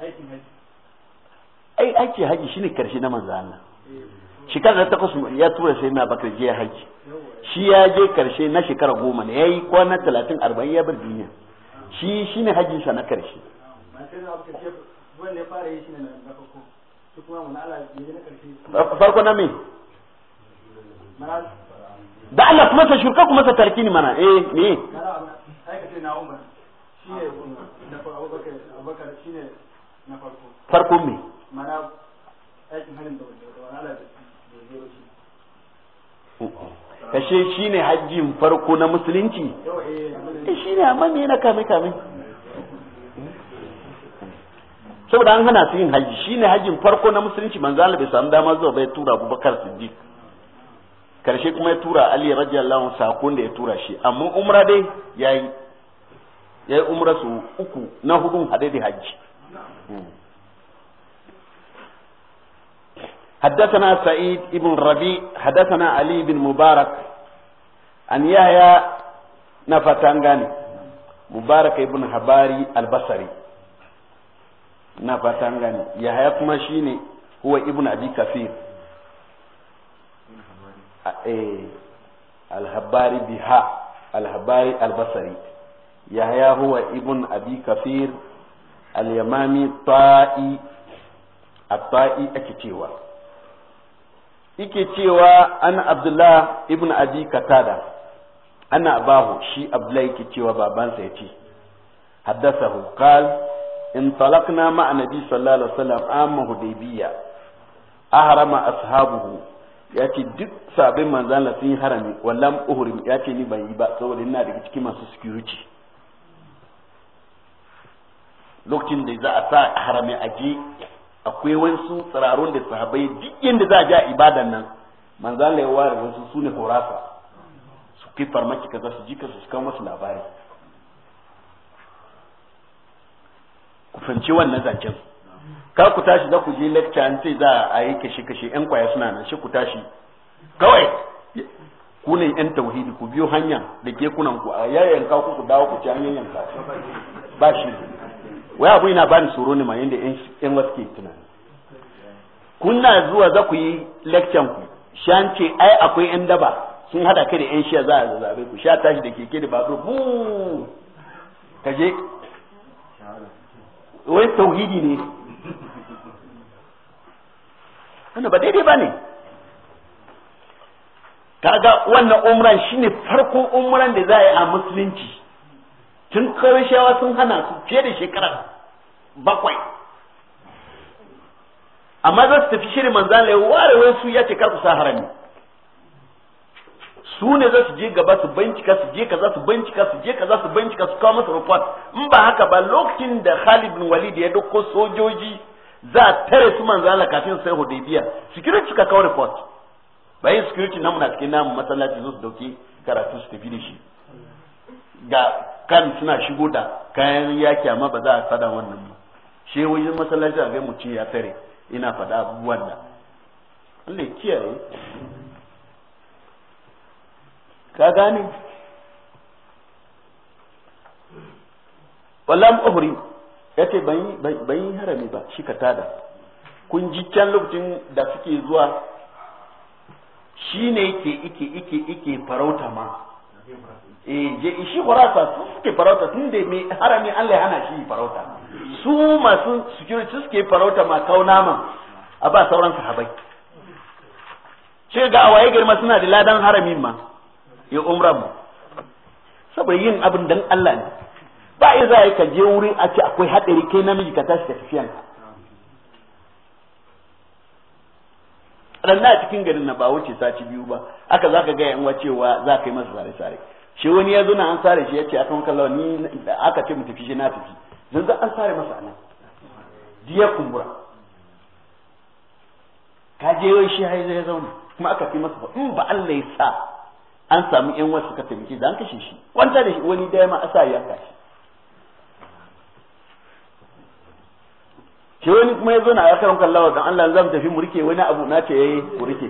ai aiki haji shine karshe na manzo Allah shekara ta takwas ya tura sai na bakar je haji shi ya je karshe na shekara goma ne yayi kwana 30 40 ya bar duniya shi shine hajin sa na karshe farko na me da Allah kuma sa shirka kuma sa tarki ni mana eh me aikata na umar shi ne da abubakar shi ne na farko farko me mana da kashe shi ne hajjin farko na musulunci eh, shi ne amma me na kame kame saboda an hana su yin hajji shi ne hajjin farko na musulunci manzo Allah bai samu dama zuwa bai tura Abubakar Siddiq karshe kuma ya tura Ali radiyallahu anhu sakon da ya tura shi amma umra dai yayi yayi umra su uku na hudun hade da hajji حدثنا سعيد بن ربيع حدثنا علي بن مبارك أن يحيى نفتنغاني مبارك بن حباري البصري نفتنغاني يحيى كما هو ابن ابي كثير آه، إيه، الحباري بها الحباري البصري يحيى هو ابن ابي كثير al-yamami ta'i at-ta'i ake cewa yake cewa ana abdullah ibn abi katada ana abahu shi abdullah yake cewa babansa ya ce haddathahu qal in talaqna ma'a nabi sallallahu alaihi wasallam amma hudaybiya ahrama ashabuhu ya ce duk sabin manzan sun yi harami wallan uhrim ya ce ni ban yi ba saboda ina daga cikin masu security lokacin da za a sa harami aje akwai wasu tsirarun da sahabai duk yadda za a ja ibadan nan manzan laiwa da wasu su ne horasa su kai farmaki kaza su jika su kawo masu labari ku fahimci wannan zancen kar ku tashi za ku je lecture an ce za a yi kashe kashe yan kwaya suna nan shi ku tashi kawai ku ne yan tauhidi ku biyo hanya da ke kunan ku a yayyanka ku ku dawo ku ci hanyar yanka ba shi ne. wai abu yana bani tsoro ne ma yanda yan wasu ke tunani kuna zuwa za ku yi lecture ku shan ce ai akwai yan daba sun hada kai da yan shiya za a zazzabe ku sha tashi da keke da babur bu je. wai tauhidi ne wanda ba daidai ba ne kaga wannan umran shine farkon umran da za a yi a musulunci tun ƙarshawa sun hana su fiye da shekarar bakwai amma za su tafi shirin manzan lai ware su ya ce kar ku sa harami su ne za su je gaba su bincika su je kaza su bincika su je kaza su bincika su kawo masa report in ba haka ba lokacin da Khalid bin Walid ya dauko sojoji za a tare su manzo Allah kafin sai Hudaybiya security ka kawo report bayan security namu na cikin namu masallaci zo su dauki karatu su tafi da shi ga kan suna shigo da kayan yaki amma ba za a sada wannan ba shi wajen masallaci a mu ce ya tare ina fada abubuwan da Allah kiyaye ka gane wallam uhri yace ban ban yi harami ba shi ka tada kun ji can lokacin da suke zuwa shine yake ike ike ike farauta ma Eh, je shi farauta su suke farauta tun da mai harami Allah hana shi farauta su masu security suke farauta ma kauna man a ba sauran sahabai ce ga awaye girma suna da ladan haramin ma ya umra mu saboda yin abin dan Allah ne ba in za ka je wurin a ce akwai hadari kai namiji ka tashi tafiyan ka a cikin garin na ba wuce sati biyu ba aka zaka ga yan cewa za ka yi masa sare-sare shi wani ya zo na an sare shi ya ce akan kallon ni da aka ce mu tafi shi na tafi zanzu an sare masa anan diya kumbura ka je wai shi haizo ya zauna kuma aka fi masa in ba Allah ya sa an samu yan wasu suka taimake da an kashe shi kwanta da shi wani daya ma asa ya kashi shi wani kuma ya zo na ya kan kallawa dan Allah zan tafi mu wani abu na ce ya eh, yi murke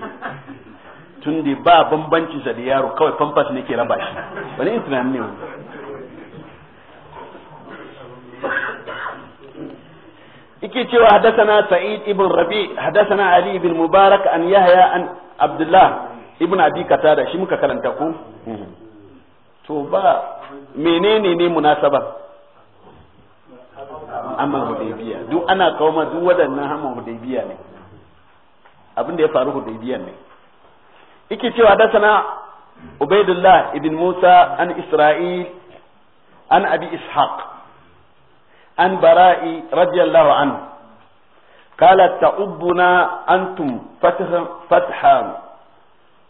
tun da ba bambancin sa da yaro kawai pampas ne ke raba shi wani tunanin ne wani yake cewa hadathana sa'id ibn rabi hadathana ali ibn mubarak an yahya an abdullah ibn abi katada shi muka karanta ku? to ba menene ne munasaba amma hudaybiya duk ana kawo ma duk waɗannan hamman hudaybiya ne abin da ya faru hudaybiya ne yake cewa da sana ubaidullah ibn musa an isra'il an abi ishaq an bara'i radiyallahu an kala ta'ubuna antum fatha fatha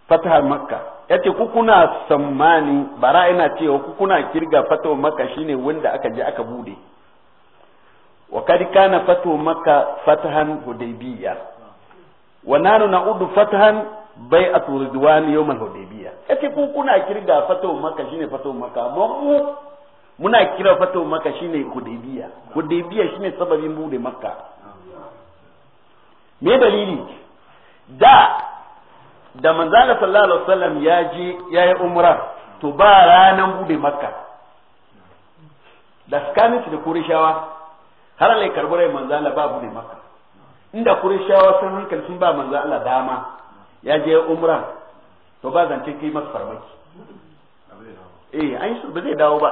fatha makkah yace ku kuna sammani Bara'i na cewa ku kirga fato maka shine wanda aka je aka bude wa kad kana fato maka fatahan hudaybiya wa nanu na'udu bai a yau yawmal ya ce ku kuna kirga fatawa maka shine fatawa maka ba mu muna kira fatawa maka shine hudaybiya hudaybiya shine sababin bude maka. me dalili da da manzala sallallahu alaihi wasallam ya je yi umra to ba ranan bude maka da skanis da kurishawa har alai karbar manzala ba bude maka inda kurishawa sun hankali sun ba manzala dama ya je umra to ba zance kai masa farmaki eh an yi ba zai dawo ba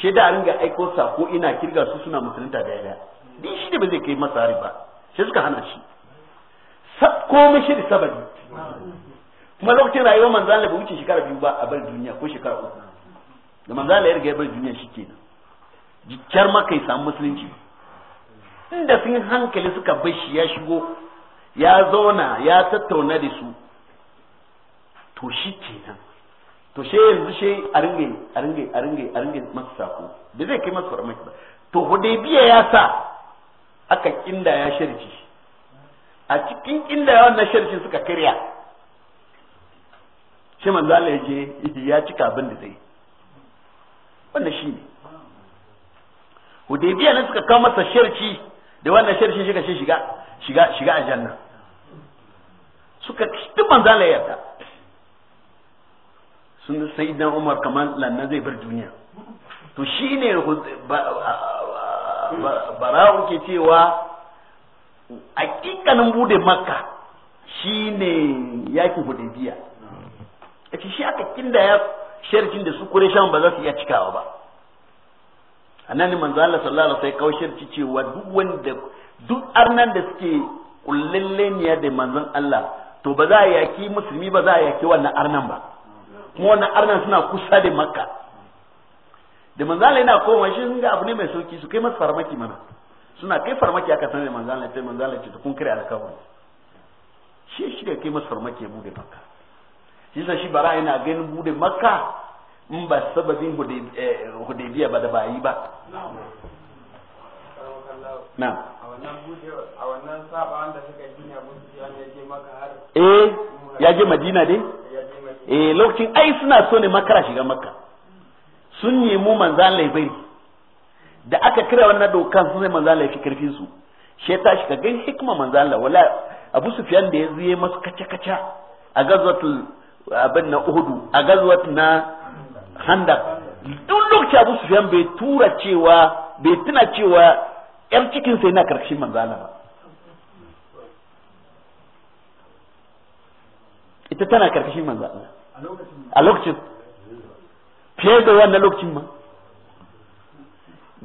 shi da ga aiko sako ina kirga su suna musulunta da yaya ni shi da ba zai kai masa hari ba shi suka hana shi komai shi da sabani kuma lokacin rayuwar manzan da bai wuce shekara biyu ba a bar duniya ko shekara uku da manzan da ya riga ya bar duniya shi kenan jikkar makai samu musulunci inda sun hankali suka bar shi ya shigo ya zauna ya tattauna da su to shi kenan to shi yanzu shi a ringe a ringe a ringe a ringe masu sako da zai kai masu farmaki ba to hudaybiya ya sa aka kinda ya sharci a cikin kinda ya wannan sharci suka karya shi manzo Allah ya je ya cika abin da zai wannan shi ne hudaybiya ne suka kawo masa sharci da wannan sharci shiga shiga shiga shiga aljanna suka duk ya yarda sun sai idan umar kamar lannan zai bar duniya to shi ne bara'u ke cewa hakikanin bude makka shi ne yakin hudaybiya a ce shi aka kinda ya sharkin da su kureshan ba za su iya cikawa ba a nan manzo Allah sallallahu alaihi wasallam sai cewa duk wanda duk arnan da suke kullalleniya da manzon Allah to ba za a yaki musulmi ba za a yaki wannan arnan ba kuma wannan arnan suna kusa da makka da manzala yana koma shi ga abu ne mai sauki su kai masa farmaki mana suna kai farmaki aka sanar da manzala sai manzala ce kun kare alkawari shi shi da kai masa farmaki ya bude makka shi sa shi bara yana ganin bude makka in ba sababin hudebiya eh, ba da bayi ba eh ya je madina dai eh lokacin ai suna so ne makara shiga makka sun nemi manzan laifari da aka kira wannan dokan sun sai manzan laifi karfin su she ta shiga gan hikma manzan Allah wala Abu Sufyan da ya zuye masu kace kace a gazwatul abin na Uhudu a gazwat na Handak duk lokacin Abu Sufyan bai tura cewa bai tuna cewa yar cikin sai na karkashin manzala ba ita tana karkashin manzala a lokacin fiye da wannan lokacin ma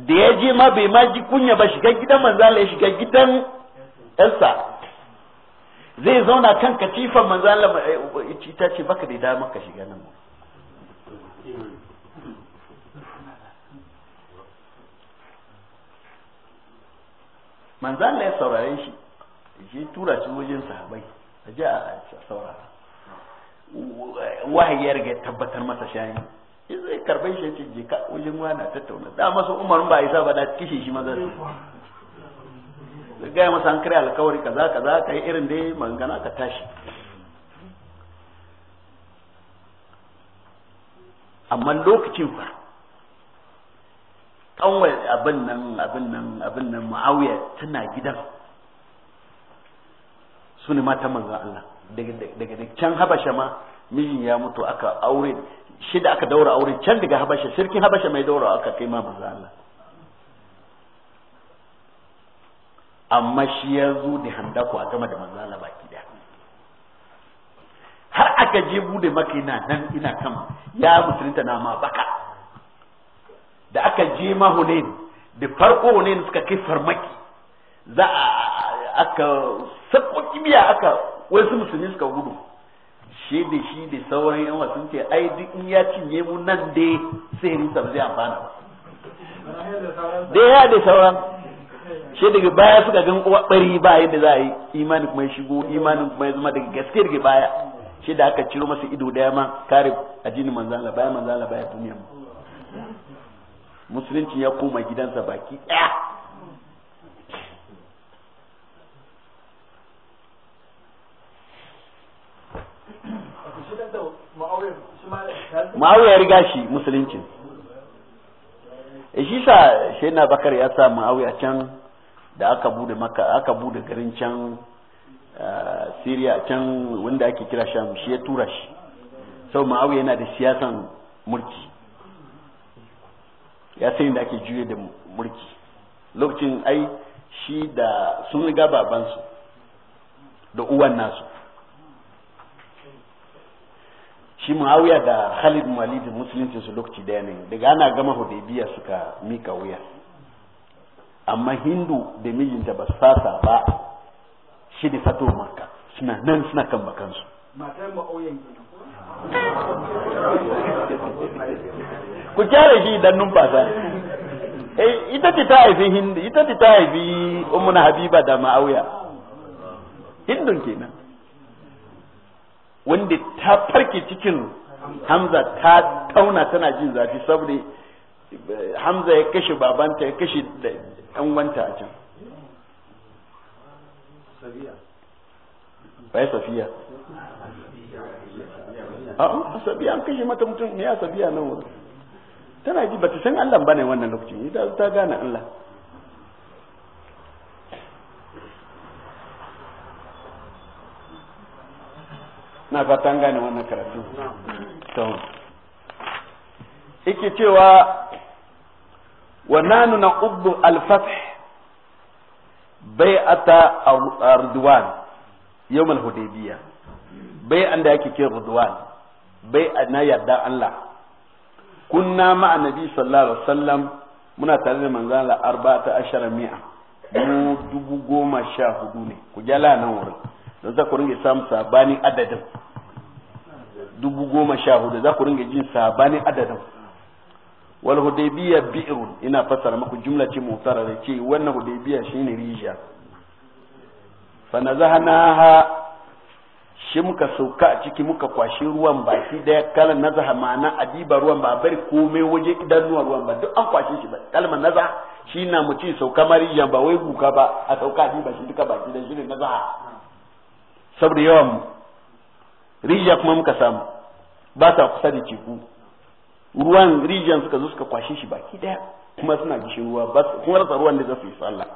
da ya je ma bai ma ji kunya ba shiga gidan manzala ya shiga gidan yarsa zai zauna kan katifan manzala Allah eh, ita ce baka da dama ka shiga nan manzan ne ya saurare shi shi tura shi wajen sahabai a ji a saurara wahayi ya riga tabbatar masa shayin in zai karbe shi ce je ka wajen na tattauna da masu umar ba isa ba da kishi shi maza su gaya masa an kare alkawari kaza za ka yi irin dai magana ka tashi amma lokacin fara. Kawai abin nan abin nan abin nan muawiya tana gidan su ne mata manzon Allah daga can habasha ma mijin ya mutu aka aure shi da aka daura aure can daga habasha sirkin habasha mai daura aka kai ma manzon Allah amma shi ya zo da handaku a gama da manzon Allah baki daya har aka je bude maka ina nan ina kama ya musulunta na ma baka da aka je ma hunain da farko hunain suka kai farmaki za a aka sako kibiya aka wasu musulmi suka gudu shi da shi da sauran yan wasu ce ai duk in ya cinye mu nan dai sai mu samu zai amfana da ya da sauran shi daga baya suka gan bari ba yadda za a yi imanin kuma ya shigo imanin kuma ya zama daga gaske daga baya shi da aka ciro masa ido daya ma kare ajini manzala baya manzala baya duniya mu musulunci ya koma gidansa baki ɗaya ma'auya ya riga shi musuluncin e, shi sa shi na bakar ya sa ma'auya can da aka bude maka aka bude garin can siriya can wanda ake kira sham shi ya tura shi sau ma'auya yana da siyasan mulki ya sai da ake juye da mulki lokacin ai shi da sun riga babansu da uwan nasu shi muawiya da khalid walid musulunci su lokaci da yanayi daga ana gama hudaybiya suka mika wuya amma hindu da mijinta ba sasa ba shi da fato maka suna nan suna kan bakansu ku kyara shi idan numfasa eh, ita ce ta haifi hindu ita ce ta haifi ummuna habiba da ma'auya hindun kenan wanda ta farke cikin hamza ta tauna tana jin zafi saboda eh, hamza ya kashe babanta ya kashe ɗan wanta a can bai safiya a'a safiya an kashe mata mutum ne a safiya nan wurin tana ji bata san Allah bane wannan lokacin ita ta gane Allah na ta gane wannan karatu to yake cewa wa nanu na ubdu al-fath bai'ata ardwan yawm al-hudaybiyah bai'an da yake kira ridwan bai'a na yarda Allah kunna ma nabi sallallahu alaihi wasallam muna tare da manzon Allah arba'ata ashara mi'a mu dubu goma sha hudu ne ku jala nan wurin don za ku ringa samun sabanin adadin dubu goma sha hudu za ku ringa jin sabanin adadin wal hudaybiya bi'r ina fassara muku jumla ce mutara da ce wannan hudaybiya shine rijiya fa nazahnaha shi muka sauka a ciki muka kwashi ruwan baki daya kala nazaha ma'ana adiba ruwan ba bari komai waje idanuwa ruwan ba duk an kwashe shi ba kalmar nazaha shi na mutum ci sauka mariya ba wai guka ba a sauka adiba shi duka baki da shi ne nazaha saboda yawan rijiya kuma muka samu ba ta kusa da teku ruwan rijiyan suka zo suka kwashe shi baki daya kuma suna gishin ruwa kuma rasa ruwan da za su yi sallah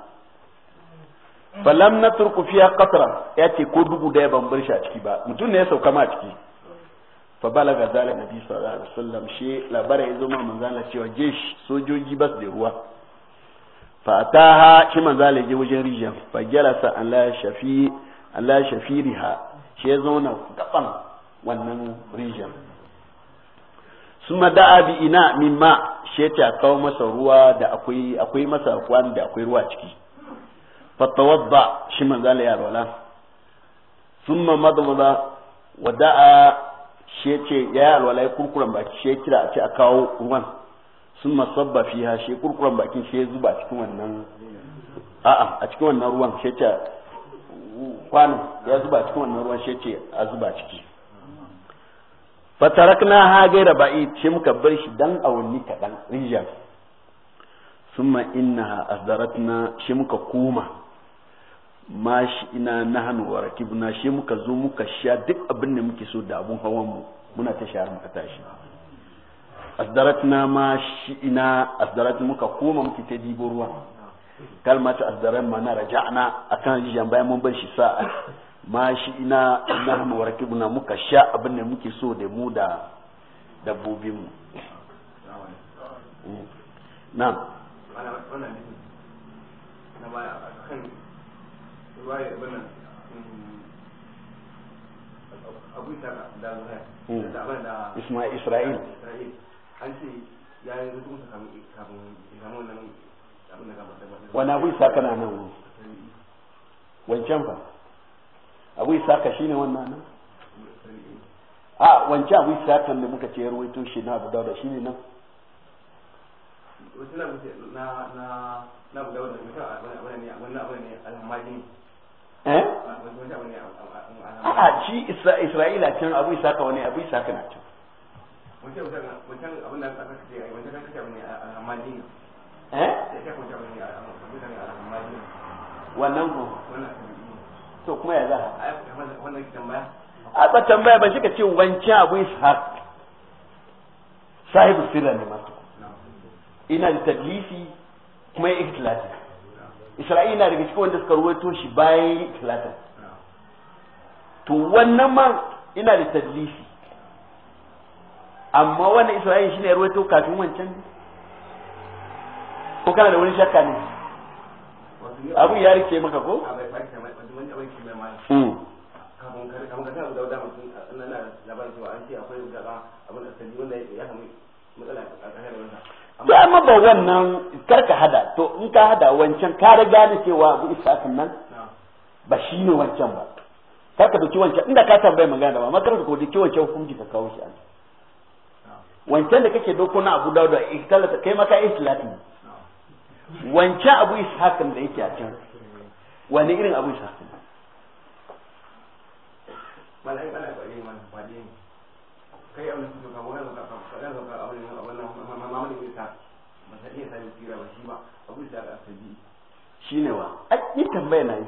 falam na turku fiya qatra ya ce ko dubu daya ban bar shi a ciki ba mutum ne ya sauka ma a ciki fa balaga zalika nabi sallallahu alaihi wasallam shi labarin ya zo ma Allah cewa jeshi sojoji bas da ruwa fa ataha shi Allah je wajen rijiya fa jalasa ala shafi ala shafiriha shi ya zauna gaban wannan rijiya suma da'a bi ina mimma shi ya kawo masa ruwa da akwai akwai masa kwan da akwai ruwa ciki fatawadda shi manzala ya rola summa madmada wada'a shi ce ya alwala kurkuran baki shi a ce a kawo ruwan sun masabba fi ha shi kurkuran bakin shi zuba shi kwano ya zuba a cikin wannan ruwan shi ha gaira ba'i shi muka bar shi dan awanni kaɗan rijiyar summa innaha azdaratna shi muka koma mashi ina na hannu wa rakibna shi muka zo muka sha duk abin da muke so da abun hawan mu muna ta shahar muka tashi azdaratna ma shi ina asdarat muka koma muke ta dibo ruwa kalmatu asdarat ma na raja'na akan jiyan bayan mun bar shi sa'a ma shi ina na hannu wa rakibna muka sha abin da muke so da mu da dabbobin mu mm. na'am na baya akan riwayar bana abu ta da wani abu isa kana nan wancan fa abu isa ka shine wannan nan a wancan abu isa kan da muka ce ruwaito shi na abu dauda shine nan na na na abu dauda mutum a wani ne ne eh a ci isra'ila can abu isa ka wani abu isa ka na can eh? wannan ko to kuma ya za a ba tambaya ba shi ka ce wancan abu isa sahibu sirra ne masu ina da tadlisi kuma ya ikhtilati isra'ila na daga cikin wanda suka ruwaito shi bayan talatin to wannan ma ina da tadlisi amma wannan isra'ila shine ne ruwaito kafin wancan ko kana da wani shakka ne abu ya rike maka ko da amma ba wannan karka hada to in ka hada wancan ka riga ni cewa abu kan nan ba shi ne wancan ba karka doki wancan inda ka tambaye magana ba makar ka doki wancan hukunci ka kawo shi an wancan da kake doko na abu dauda ikalata kai maka islati wancan abu isakin da yake a can wani irin abu ne kai da shi ba abu da da asabi shine wa ai ni tambaya na yi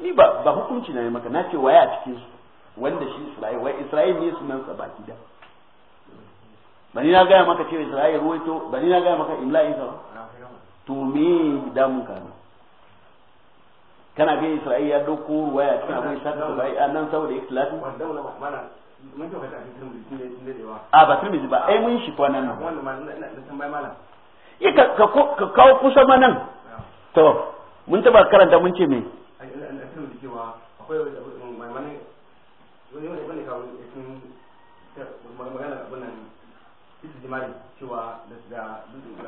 ni ba ba hukunci na yi maka na ce waye a cikin su wanda shi Isra'il wai Isra'il ne sunan sa baki da bani na gaya maka cewa Isra'il ruwaito bani na gaya maka imla'in sa to me damun ka nan kana ga Isra'il ya dauko ruwaya cikin abin sa ta bai nan saboda ikhtilafi a ba tirmizi ba ai mun shi kwanan nan yi ka kawo kusa ma nan to mun taba karanta mun ce me cewa da sai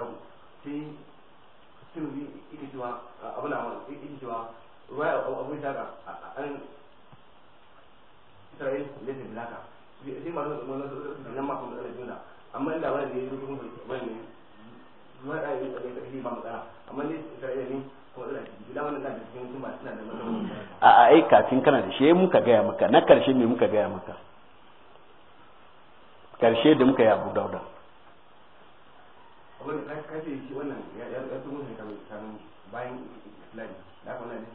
abu da ta ga kuma da yin kafin kana da shi muka gaya maka na karshe ne muka gaya maka karshe da muka yi Dauda ka da wannan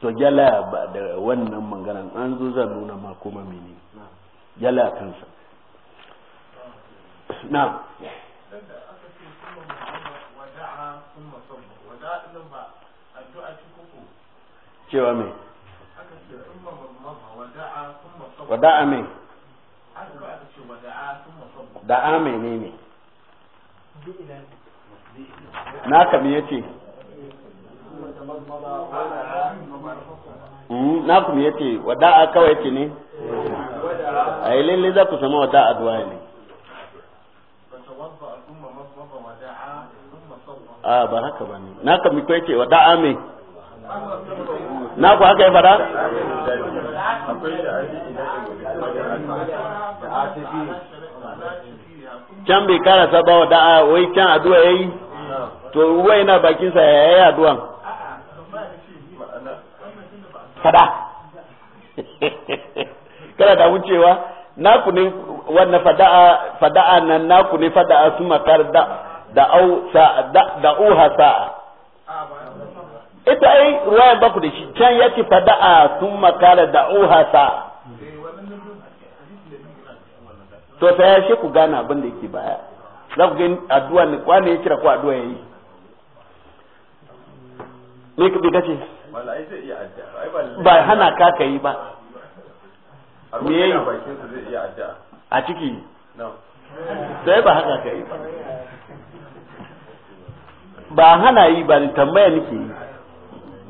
to jala da wannan an zo zan nuna ma kuma mini jala kansa na'am cewa mai wada'a mai da'a mai ne ne na kami ya ce hmm, na kuma ya ce wada'a kawai ce ne a yi lalle za ku sama wada'a duwa ne a ah, ba haka ba ne na kami ya ce wada'a mai na ku haka ya fada can bai karasa ba wa da'a wai can addu'a ya yi? to ruwa yana bakin sa ya yi addu'an fada kada da wucewa ku ne wannan fada'a fada'a nan ku ne fada'a su makar da da au sa da uha sa'a ita ai ruwayan baku da shi can ya ce fada'a sun makala da uhasa to ta ya shi ku gana abin da yake baya za ku gani addu'a ne kwane ya kira ku addu'a yi. me ka bida ce ba hana ka ka yi ba me yayi a ciki sai ba haka ka yi ba ba hana yi ba tambaya nake yi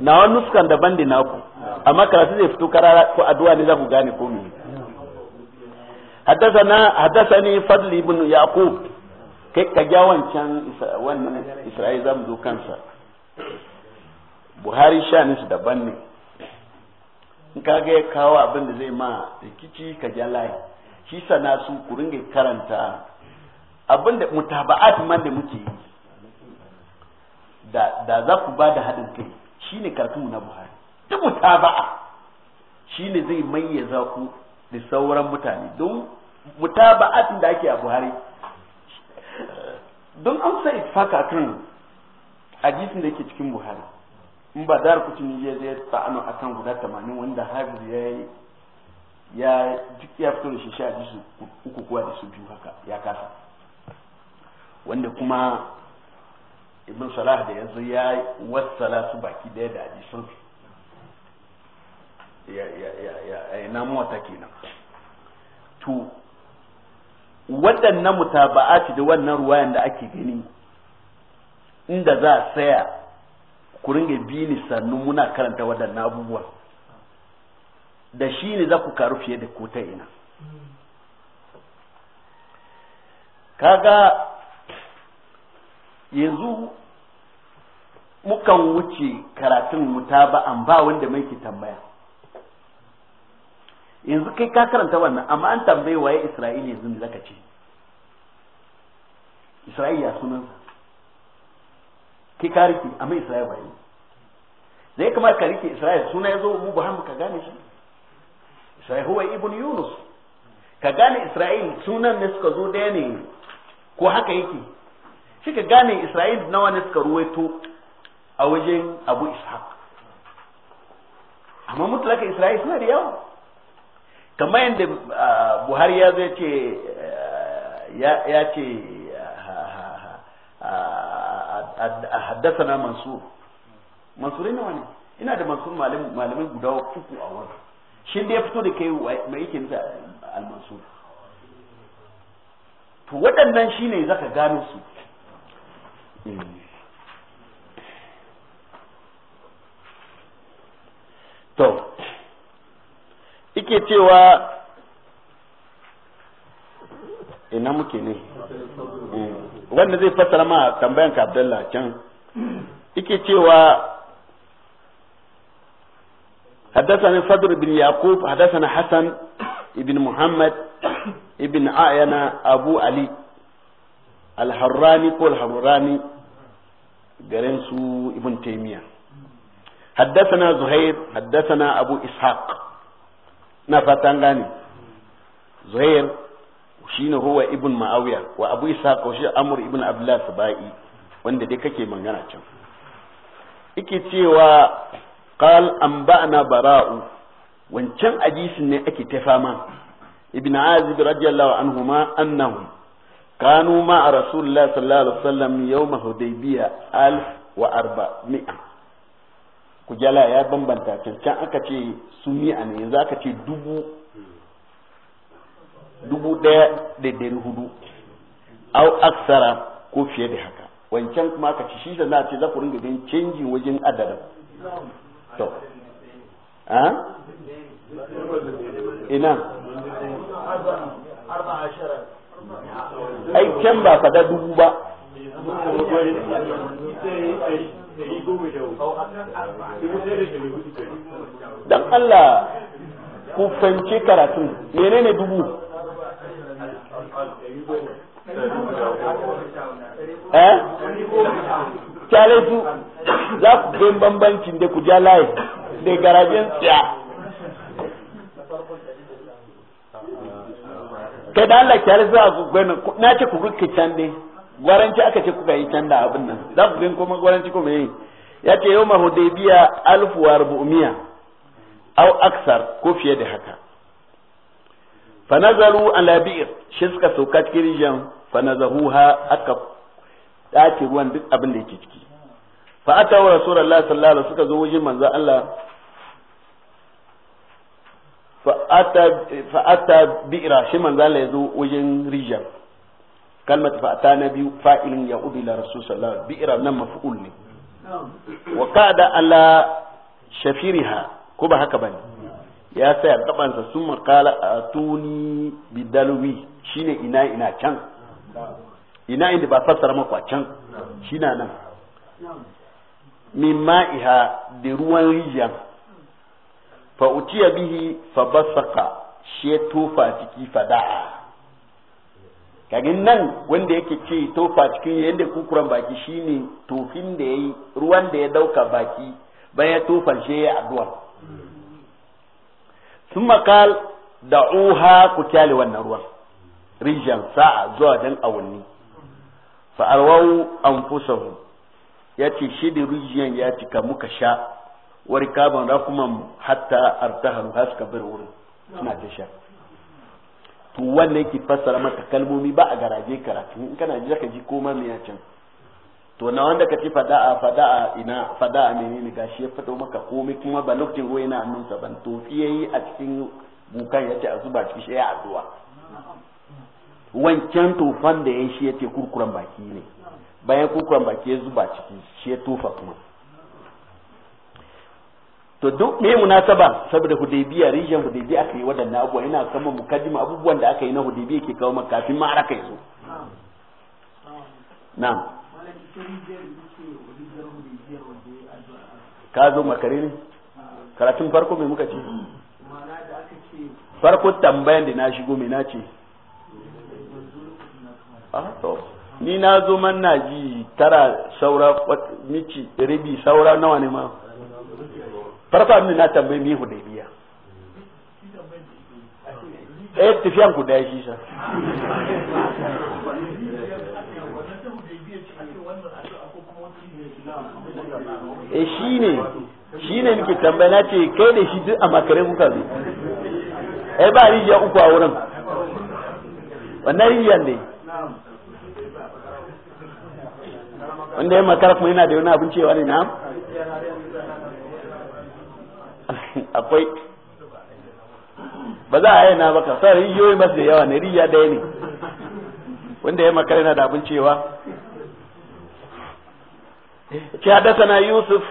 nawa nuskan daban da naku amma karatu zai fito karara ko addu'a ne za ku gane ko mene حدثنا fadli ibn yaqub kai ka ga wancan wannan Isra'il zamu zo kansa Buhari su daban ne in ka ga ya kawo abin da zai ma rikici ka ga layi shi sana su ku ringa karanta abin da mutaba'at man da muke yi da za ku ba da haɗin kai shine karfinmu na buhari ta mutaba'a shine zai mayyaza ku da sauran mutane don mutaba'atin da ake a buhari don an sa itfaka kan hadisin da yake cikin buhari in ba dar kucin ya zai ta'anu akan guda 80 wanda hafiz ya yi ya duk ya fito da shi sha uku kuwa da su biyu haka ya kasa wanda kuma ibn salah da yanzu ya wassala su baki daya da hadisin ya ya ya ya na mota kenan to waɗannan mutaba'ati da wannan ruwayan da ake gani inda za a tsaya ku ringa bi ni sannu muna karanta waɗannan abubuwa da shi ne za ku karu fiye da ko ta ina kaga yanzu mukan wuce karatun muta ba an ba wanda mai ke tambaya yanzu kai ka karanta wannan amma an tambaye waye isra'ila yanzu ne zaka ce isra'ila sunansa kai ka rike amma isra'ila waye zai kamata ka rike isra'ila suna ya zo mu ba mu ka gane shi isra'ila huwa ibn yunus ka gane isra'il sunan ne suka zo daya ne ko haka yake shi ka gane isra'il nawa ne suka ruwaito a wajen abu ishaq amma mutlaka isra'il suna da yawa kamar yadda ah, buhari ya zai ce ya ce eh, a ah, ah, haddasa na mansur mansuri nawa ne ina da mansur malamin guda uku a wani shi da ya fito da kai mai yake nufi al-mansur to waɗannan shine zaka gano su Hmm. to ike cewa ina muke ne hmm. wanda zai fassara ma tambayan ka can ike cewa حدثنا فضل بن يعقوب حدثنا حسن ibn محمد abu ali أبو علي الحراني قول الحراني garin su ibn taymiya haddathana zuhair haddathana abu ishaq na fatan gane zuhair shine huwa ibn ma'awiya wa abu ishaq shi amr ibn abdullah sabai wanda dai kake magana can yake cewa qal anba'na bara'u wancan ajisin ne ake ta fama ibn azib radiyallahu anhuma annahum كانوا مع a الله صلى الله عليه وسلم يوم alf wa arba'mi'a kujala ya bambanta can aka ce su mi'a ne yanzu aka ce dubu daya da dari hudu au aksara ko fiye da haka wancan kuma aka ci shi da na ce za canji wajen to ina ai can ba fada dubu ba dan Allah ku fahimci karatun menene dubu eh kyale su za ku gan bambancin da ku ja layi da garajen tsiya kai da Allah kyar zuwa ku gani na ce ku kuka can dai gwaranci aka ce kuka yi can da abin nan za ku gani kuma gwaranci kuma yi ya ce yau mahudaibiya alfu arbu'umiya au aksar ko fiye da haka fanazaru ala bi'r shi suka sauka cikin rijiyar fanazaruha aka dace ruwan duk abin da yake ciki fa atawa rasulullahi sallallahu alaihi wasallam suka zo wajen manzo Allah fa'ata bi'ira shi manzala ya zo wajen rijiyar kalmata fa'ata na biyu fa'ilin ya ubi la rasu sallallahu bi'ira nan mafi'ul ne wa kada ala shafiriha ko ba haka bane ya tsaya gabansa sun makala a tuni bidalwi shine ina ina can ina inda ba fassara maka can shi na nan min iha da ruwan rijiyar fa utiya bihi fa basaka shi tofa ciki fada'a kagin nan wanda yake ce tofa cikin yadda kukuran baki shine tofin da yayi ruwan da ya dauka baki baya tofa shi ya addu'a sun makal da'uha ku kyale wannan ruwan rijiyar sa'a zuwa dan awanni fa'arwau an fusahu ya ce shi da rijiyar ya cika muka sha wari kaban rakuman hatta artaharu har suka bar wurin suna ta sha to wannan yake fassara maka kalmomi ba a garaje karatu in kana ji zaka ji koma me ya can to na wanda ka ci fada fada'a ina fada'a menene gashi ya fito maka komai kuma ba lokacin ruwa yana sa ban to fiye a cikin bukan ya a zuba cikin shi ya azuwa wancan tofan da ya shi ya kurkuran baki ne bayan kurkuran baki ya zuba ciki shi ya tofa kuma to duk me munasaba saboda hudaybiya rijiyar hudaybiya aka yi waɗannan abubuwa yana kama mukaddima abubuwan da aka yi na hudaybiya ke kawo maka kafin ma araka yazo na'am ka zo makare ne karatun farko mai muka ce farko tambayan da na shigo mai na ce ni na zo man na ji tara saura miki ribi saura nawa ne ma farko amin na tambayi mi hudaybiya eh tafiyan ku da shi sa eh shine shine nake tambaya na ce kai da shi duk a makare kuka zo eh ba rijiya uku a wurin wannan rijiyan ne wanda ya makara kuma yana da wani abincewa cewa ne na'am akwai ba za a ayyana ba ka sa rijiyoyi masu da yawa ne riya daya ne wanda ya makara yana da abin cewa ce na yusuf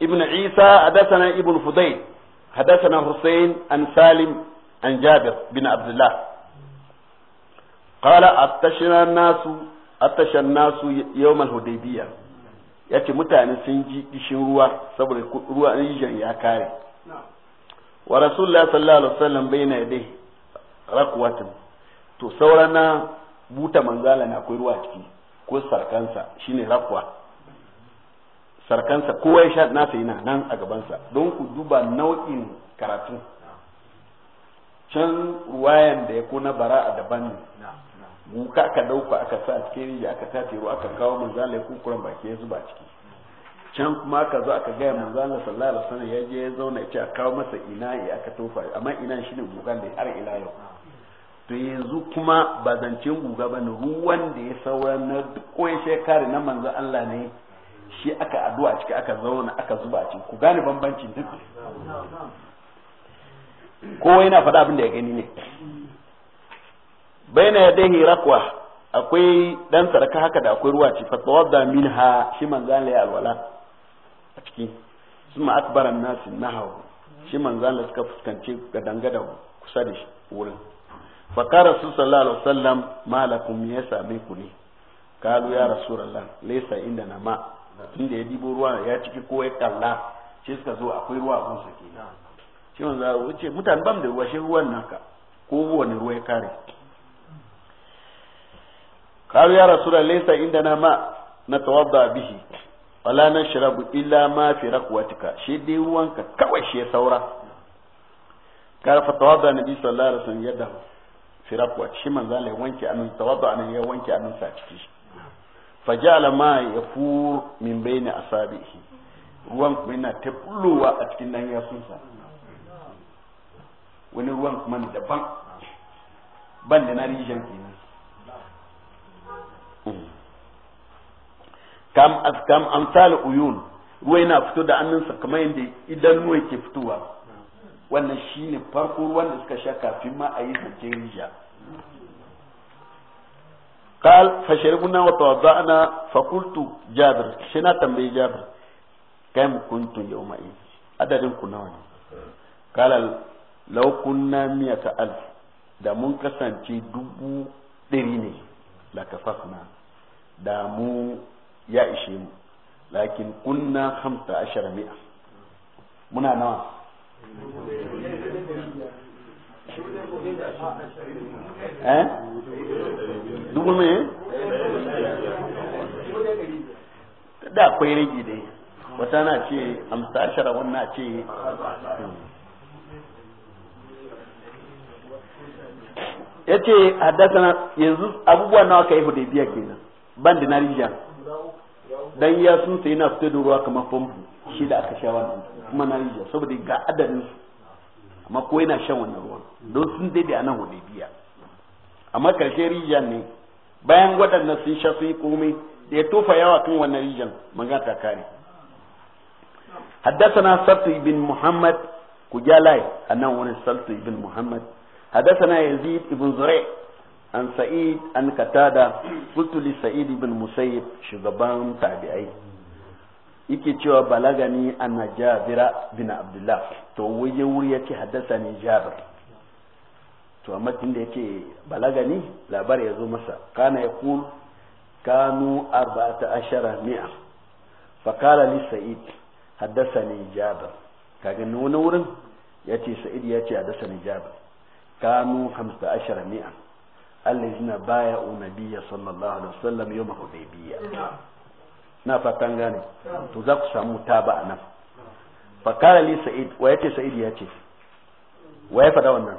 ibn isa na ibn fudayl na hussain an salim an jabir bin abdullah qala attashana nasu attashan nasu yawmal hudaybiyah yace mutane sun ji kishin ruwa saboda ruwa yi jan ya kare wa rasulullah sallallahu alaihi wasallam baina yadai rakwatin to saura na buta manzala na akwai ruwa ciki ko sarkansa shine rakwa sarkansa kowa ya sha nasa yana nan a gabansa don ku duba nau'in karatu can ruwayan da ya ko na a daban ne buka aka dauka aka sa cikin rijiya aka tace ruwa aka kawo manzala ya kukuran baki ya zuba ciki can kuma aka zo aka gaya manzo Allah sallallahu alaihi wasallam ya je ya zauna ya ce a kawo masa ina ya aka tofa amma ina shine gugan da har ila yau to yanzu kuma ba zancen guga bane ruwan da ya saura na koyi shekara na manzo Allah ne shi aka addu'a ciki aka zauna aka zuba ciki ku gane bambancin duk kowa yana faɗa abin da ya gani ne baina yadayhi raqwa akwai dan sarka haka da akwai ruwa ci fa tawadda minha shi manzo Allah ya alwala suma akbaran nasi nahawu shi manzan da suka fuskanci dangada kusa da wurin fakara su sallallahu alaihi wasallam malakum ya same ku ne kalu ya rasulullah laysa inda na ma inda ya dibo ruwa ya ciki ko ya kalla shi suka zo akwai ruwa a gunsa kenan shi manzan ce mutane ban da washe ruwan naka ko wani ruwa ya kare kalu ya rasulullah laysa inda na ma na tawadda bihi wala na shirabu illa ma fi rakwatika shi dai ruwanka kawai shi saura kar fa tawadda nabi sallallahu alaihi wasallam yadda fi rakwat shi manzo Allah wanke anun tawadda anan ya wanke anun sa ciki fa ja'ala ma yafur min bayni asabihi ruwan kuma yana ta bullowa a cikin nan ya sunsa wani ruwan kuma daban ban da na rijiyar kenan kam askam amsal uyun ruwa ina fito da annin sa kamar inda idan ruwa yake fitowa wannan shine farko ruwan da suka sha kafin ma a yi sace riya qal fashirbuna fakultu tawadana fa qultu jabir shi na tambaye jabir kam kuntu yawma in adadin ku nawa ne qal law kunna miyata alf da mun kasance dubu 100 ne la kafasna da mu ya ishe mu lakin kunna hamta ashara mi'a muna nawa eh dubu me da akwai rigi dai wata na ce hamsa ashara wannan ce yace haddasa yanzu abubuwa nawa kai hudaybiya kenan ban da na dan ya tsuntsa yana fito da ruwa kamar famfo shi da aka sha wannan kuma na rijiya saboda ga adadin su amma ko yana shan wannan ruwan don sun daidai a nan hudaybiya amma karshe rijiya ne bayan waɗannan sun sha sun yi komai da ya tofa yawa kan wannan rijiyar magana ta kare حدثنا سبت بن محمد كجالاي أنه سبت بن محمد حدثنا يزيد بن زريع an sa'id an katada qultu li sa'id ibn musayyib shugaban tabi'ai yake cewa balagani anna jabira bin abdullah to waje wuri yake haddasa ni jabir to amma da yake balagani labari ya zo masa kana ya kul kanu arba'ata ashara mi'a fa kala li sa'id haddathani jabir kaga wani wurin yace sa'id yace haddathani jabir kanu 15 mi'a allazina baya nabiyya sallallahu alaihi wasallam yawm hudaybiyya na fatan gane to za ku samu taba nan fa kala li sa'id wa yace sa'id ya ce wa ya fada wannan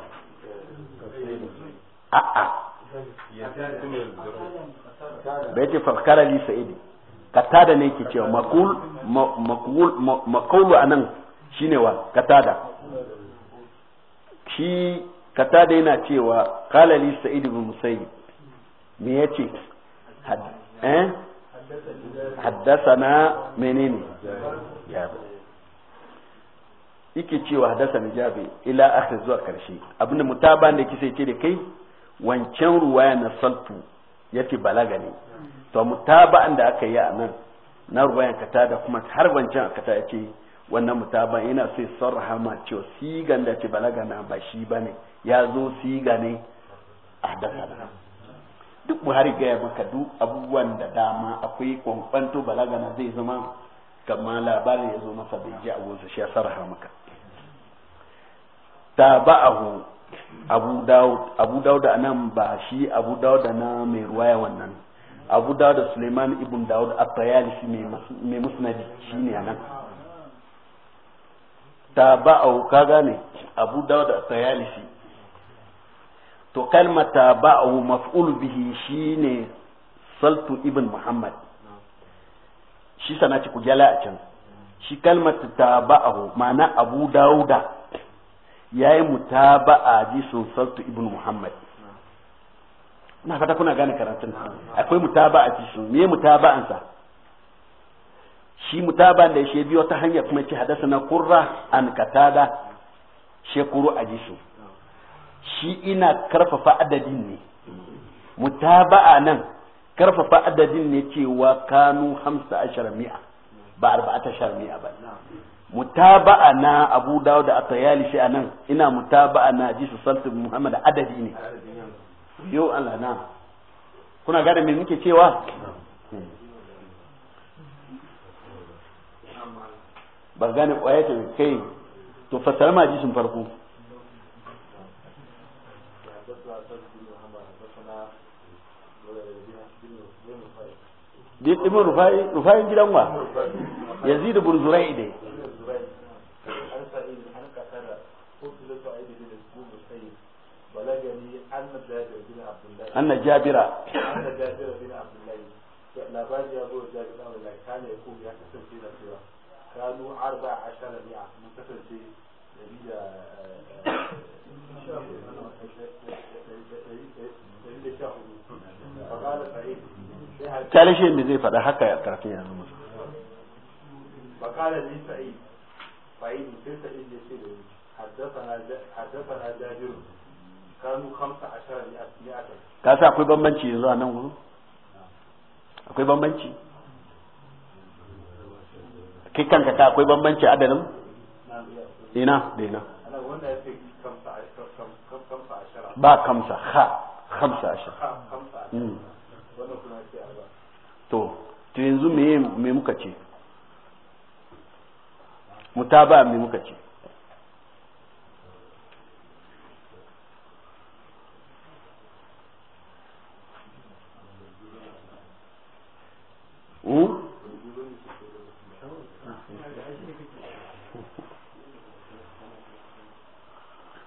a a bai ce fa kala li sa'id katada ne ke cewa makul makul makulu anan shine wa katada shi kata da yana cewa qala li sa'id ibn musayyib me yace eh haddathana menene jabir yake cewa na jabe ila akhir zuwa karshe abinda mutaba da kisa ce da kai wancan ruwaya na saltu yace balaga ne to mutaba da aka yi a nan na ruwayan kata da kuma har wancan a kata yace wannan mutaba yana sai ya sarraha ma cewa sigan da ce balaga na ba shi bane ya zo siga ne a dasana duk buhari gaya maka duk abubuwan da dama akwai kwankwanto balagana zai zama kama labarin ya zo masa bai ji wasu shi ya sarara maka ta ba abu daud abu daud nan ba shi abu daud na mai ruwaya wannan abu daud suleiman ibn daud at shi mai musnad shine anan taba'ahu ka gane abu daud at-tayalisi to kalmata ba'ahu maf'ul bihi shine saltu ibn muhammad shi sana ci ku jala a can shi kalmata taba'ahu ma'ana abu dauda yayi mutaba'a ji sun saltu ibn muhammad na fata kuna gane karatun akwai mutaba'a ji sun me mutaba'an sa shi ba da shi biyo ta hanya kuma ce hadasa na qurra an katada shekuru ajisu shi ina karfafa adadin ne mutaba'a nan karfafa adadin ne cewa kanu hamsa ashar mi'a ba arba'ata ashara mi'a ba mutaba'a na abu dawo da atayali shi anan ina mutaba'a na ji su saltu muhammad adadi ne yau Allah na kuna gane me muke cewa ba gane kwaye kai to fasara ma sun farko ibn rufai rufayin gidan wa anna jabira labari ya zo da jabira ya kasance da cewa kanu arba'a ashara mun kasance da karshe me zai faɗa haka ya karfe yanzu musu bakala ni fa'i sa'id sai sa'i ya ce da haddasa haddasa jabir kanu 15 mi'atan ka sa akwai bambanci yanzu a nan gurin akwai bambanci kai kanka ka akwai bambanci adadin ina da ina ba kamsa ha kamsa ashara hmm. to to yanzu me me muka ce mutaba me muka ce Hmm?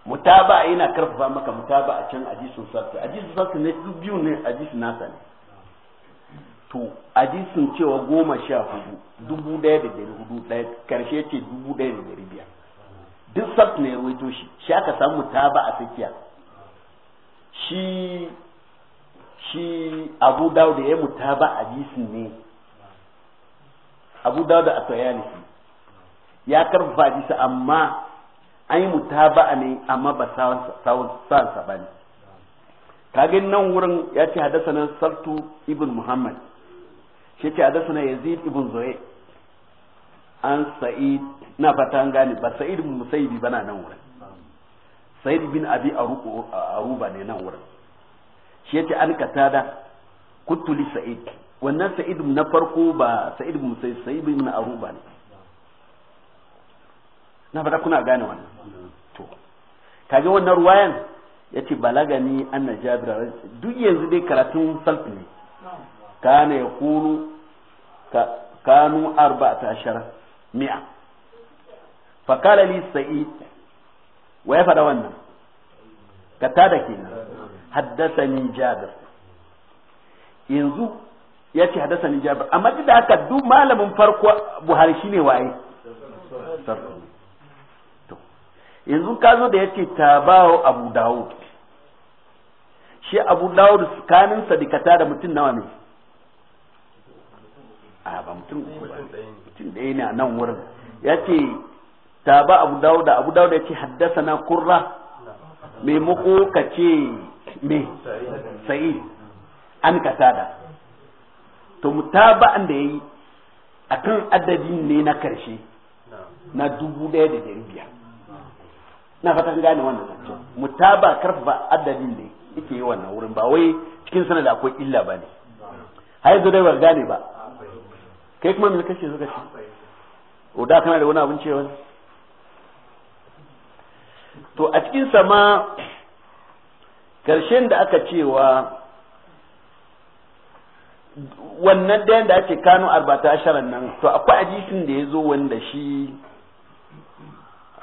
mutaba ina karfafa maka mutaba a can ajisun sarki ajisun sarki ne duk biyu ne ajisun nasa ne to hadisin cewa goma sha hudu dubu daya da dari hudu daya karshe ce dubu daya da dari biyar duk sab ne ya shi shi aka samu ba a tsakiya shi shi abu dawo da ya mutaba hadisin ne abu dawo da ne ya karfafa jisa amma an yi a ne amma ba sa ba ne kagin nan wurin ya ce hadasa nan sartu ibn muhammad shi ce hadasuna yazid ibn zuhair an sa'id na fata an gane ba sa'id ibn musayyib bana nan wurin sa'id bin abi aruba ne nan wurin shi yace an katada kuntu li sa'id wannan sa'id na farko ba sa'id ibn musayyib sa'id bin aruba ne na fata kuna gane wannan to kage wannan ruwayan yace balagani anna jabir duk yanzu dai karatun salfi ne kana ya kunu kanu arba'ata ashara mi'a fakala li sa'id wa ya faɗa wannan ka tada kenan haddasani jabir yanzu ya ce haddasani jabir amma duk da haka duk malamin farko buhari shine waye yanzu ka zo da yace ce tabawo abu dawud shi abu dawud tsakaninsa da kata da mutum nawa ne a ba mutum uku ba mutum da yana nan wurin ya ce ta ba abu dauda abu dauda ya ce haddasa na kurra mai muku ka ce me sa'i an kasada to an da a akan adadin ne na karshe na dubu daya da dari biyar na fatan gane wannan zancen mutaba karfafa adadin ne yake yi wannan wurin ba wai cikin sanad akwai illa ba ne har yanzu dai ba gane ba kai kuma me kashe suka ce o da kana da wani abin cewa to a cikin sama karshen da aka cewa wannan dayan da ake kano arbata asharan nan to akwai ajisin da ya zo wanda shi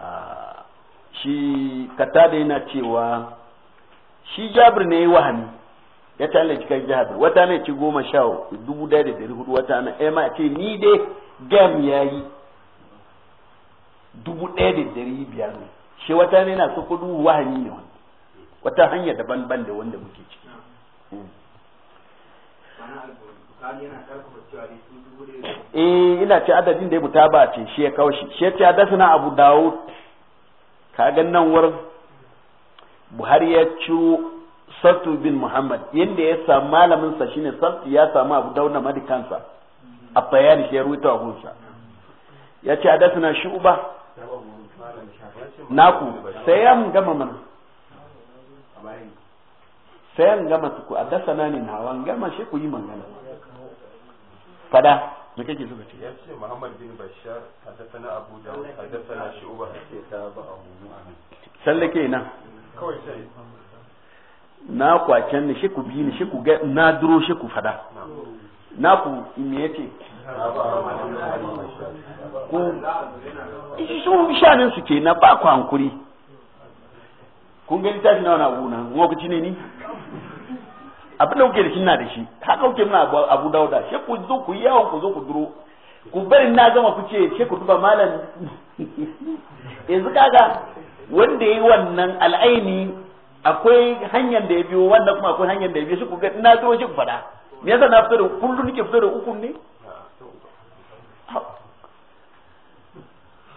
ah, shi kata da yana cewa shi jabir ne ya wahami ya tallaci cikin jihar wata ne ci goma sha dubu daya da dari hudu wata na ema eh, ce ni dai gam ya yi dubu daya da dari biyar ne shi wata ne na su kudu wahani ne wani wata hanya daban-ban da wanda muke ciki eh ina ce adadin da ya buta ba ce shi ya kawo shi shi ya ce adasana abu dawud ka ga nan wurin buhari ya ciro. Sartu bin muhammad yadda ya samu malamin sa shine Sartu ya samu abu dauna madi kansa a bayani shi ya rubuta wa gunsa ya ce shi uba naku sai ya mun gama mana sai an gama ku na ne na an gama shi ku yi mangana fada me kake so ce ya ce muhammad bin bashar hadathana abu dawud shi uba sai ta ba abu mu'min sallake na kawai sai na kwacen ni shi ku bi ni shi ku ga na duro shi ku fada na ku me yake ko su bishanin su ke na ba ku hankuri kun gani tashi na wani abu na lokaci ne ni abin da kuke da shi na da shi haka kuke muna abu dauda shi ku zo ku yawon ku zo ku duro ku bari na gama ku ce shi ku duba malam yanzu kaga wanda yi wannan al'aini akwai hanyar da ya biyo wannan kuma akwai hanyar da ya biyo shi kuka ina na zo shi fada me yasa na fito da kullum nake fito da uku ne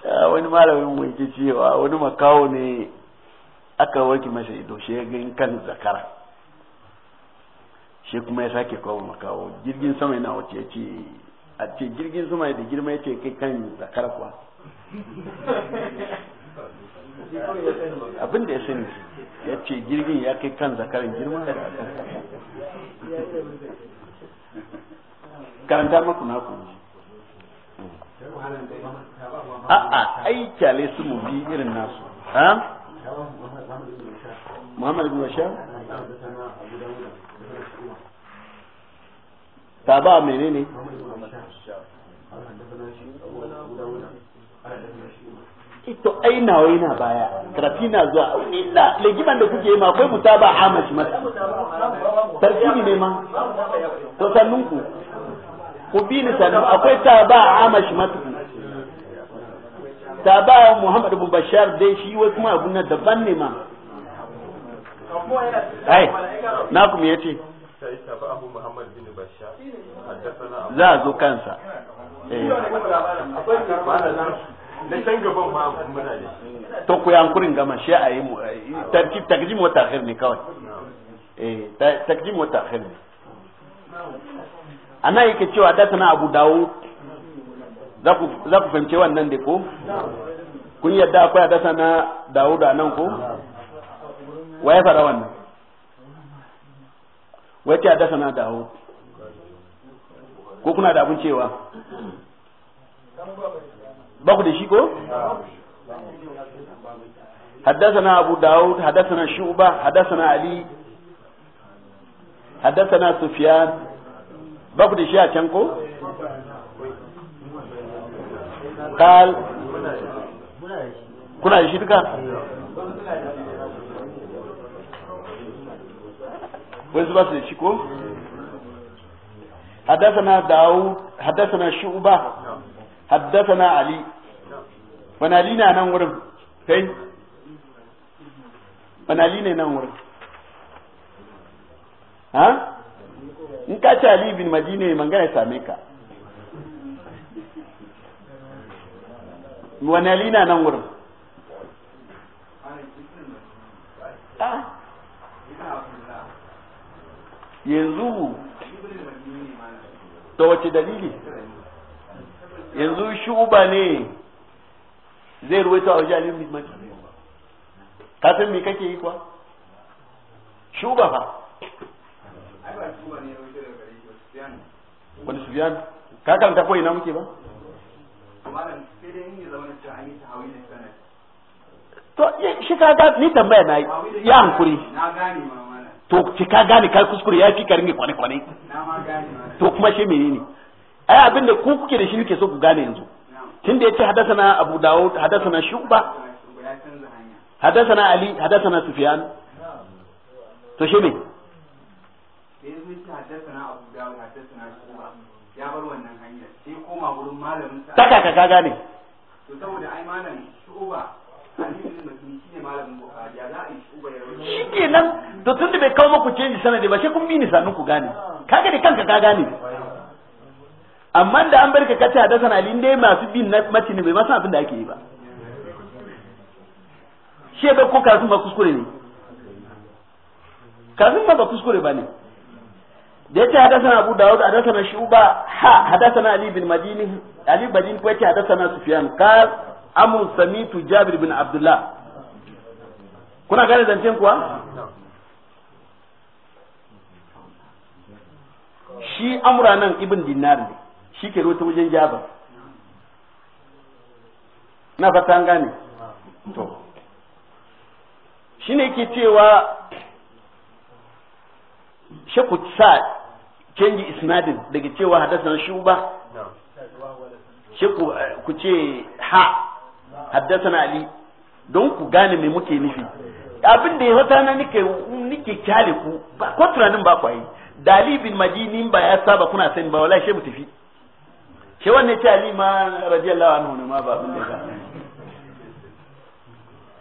ah, wani malamin mu yake cewa wani makawo ne aka warke masa ido shi ya gani kan zakara shi kuma ya sake kawo makawo jirgin sama yana wace ya ce a ce jirgin sama da girma ya ce kai kan zakara kuwa abin da ya sani ya ce jirgin ya kai kan zakarin kan karanta maku na ku a'a ai kyale su mu bi irin nasu ha Muhammad ibn Bashar taba menene Eh, to ai nawa yana baya karfi na zuwa illa legiman da kuke yi ma akwai mutaba amashi mata tartibi ne ma to sannun ku ku bi ni sannu akwai taba amashi mata taba Muhammadu bin Bashar dai shi wai kuma abun nan daban ne ma ai na kuma yace za a zo kansa eh da can gaban ma muna da to ku yankurin gama shi a yi tarkib takjim wa ta'khir ne kawai eh takjim wa ta'khir ne ana yake cewa da tana Abu dawo za ku za ku fahimce wannan da ko kun yadda akwai hadasa na Dawud nan ko wa ya fara wannan wace hadasa na Dawud ko kuna da abun cewa ba ku da حدثنا ابو داود حدثنا شعبة حدثنا علي حدثنا سفيان بقد شيء كنكو قال كنا يشيدك وإذ بس يشيكو حدثنا داود حدثنا شعبة haddathana ali wani ali na nan wurin wani ali ne nan wurin ha in ali bin madina mangana ya same ka wani ali na nan wurin yanzu da wace dalili yanzu shuba ne zai ruwaito a wajen alim bin madini ka san me kake yi kuwa shuba fa wani sufiyan ka karanta ko ina muke ba to shi ka ga ni tambaya na ya hankuri na gane ma to ki ka gane kai kuskure ya fi karin kwane kwane to kuma shi menene ai abin da ku kuke da shi kuke so ku gane yanzu tunda yace hadathana abu daud hadathana shuba hadathana ali hadathana sufyan to shi ne ta kaka ka gane to saboda ai malam shuba shi ke nan to tun da bai kawo maku canji sanadi ba sai kun bi ni sannu ku gane kaga da kanka ka gane amma da an barka kace hadasan ali dai masu bin na mace ne bai masa abin da ake yi ba she ya ko kafin ba kuskure ne kafin ba kuskure ba ne da yace hadasan abu dawud hadasan shuba ha hadasan ali bin madini ali bin badin ko yace hadasan sufyan qal amru samitu jabir bin abdullah kuna gane zancen kuwa shi amura nan ibn dinar ne shi ke ta wajen jaba na fata an gane to shi ne ke cewa shaku sa canji isnadin daga cewa hadasan shuba shaku eh, ku ce ha haddasan ali don ku gane me muke nufi abin da ya hota na nike nike kyale ku ba ko tunanin ba kwaye dalibin madinin ba ya saba kuna sani ba wallahi shi mu tafi shi wannan ce ali ma radiyallahu anhu ne ma ba abin da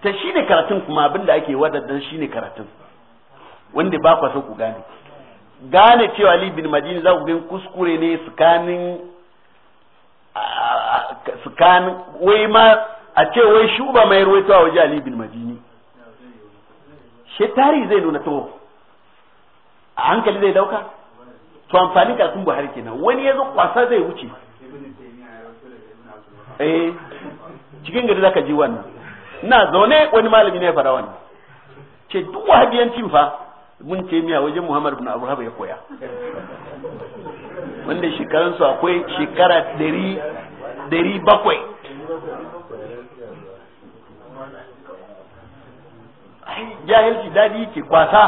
ta shine karatun kuma abin da ake wadaddan shine karatun wanda ba ku so ku gane gane cewa ali bin madini za ku gani kuskure ne tsakanin tsakanin wai ma a ce wai shuba mai ruwaito a waje ali bin madini shi tarihi zai nuna to a hankali zai dauka to amfani karatun buhari kenan wani ya kwasa zai wuce eh cikin gari zaka ji wannan na zaune wani malami ne ya fara wannan ce duk wahabiyancin fa mun ce miya wajen Muhammad ibn Abu Haba ya koya wanda su akwai shekara dari jahilci dadi ke kwasa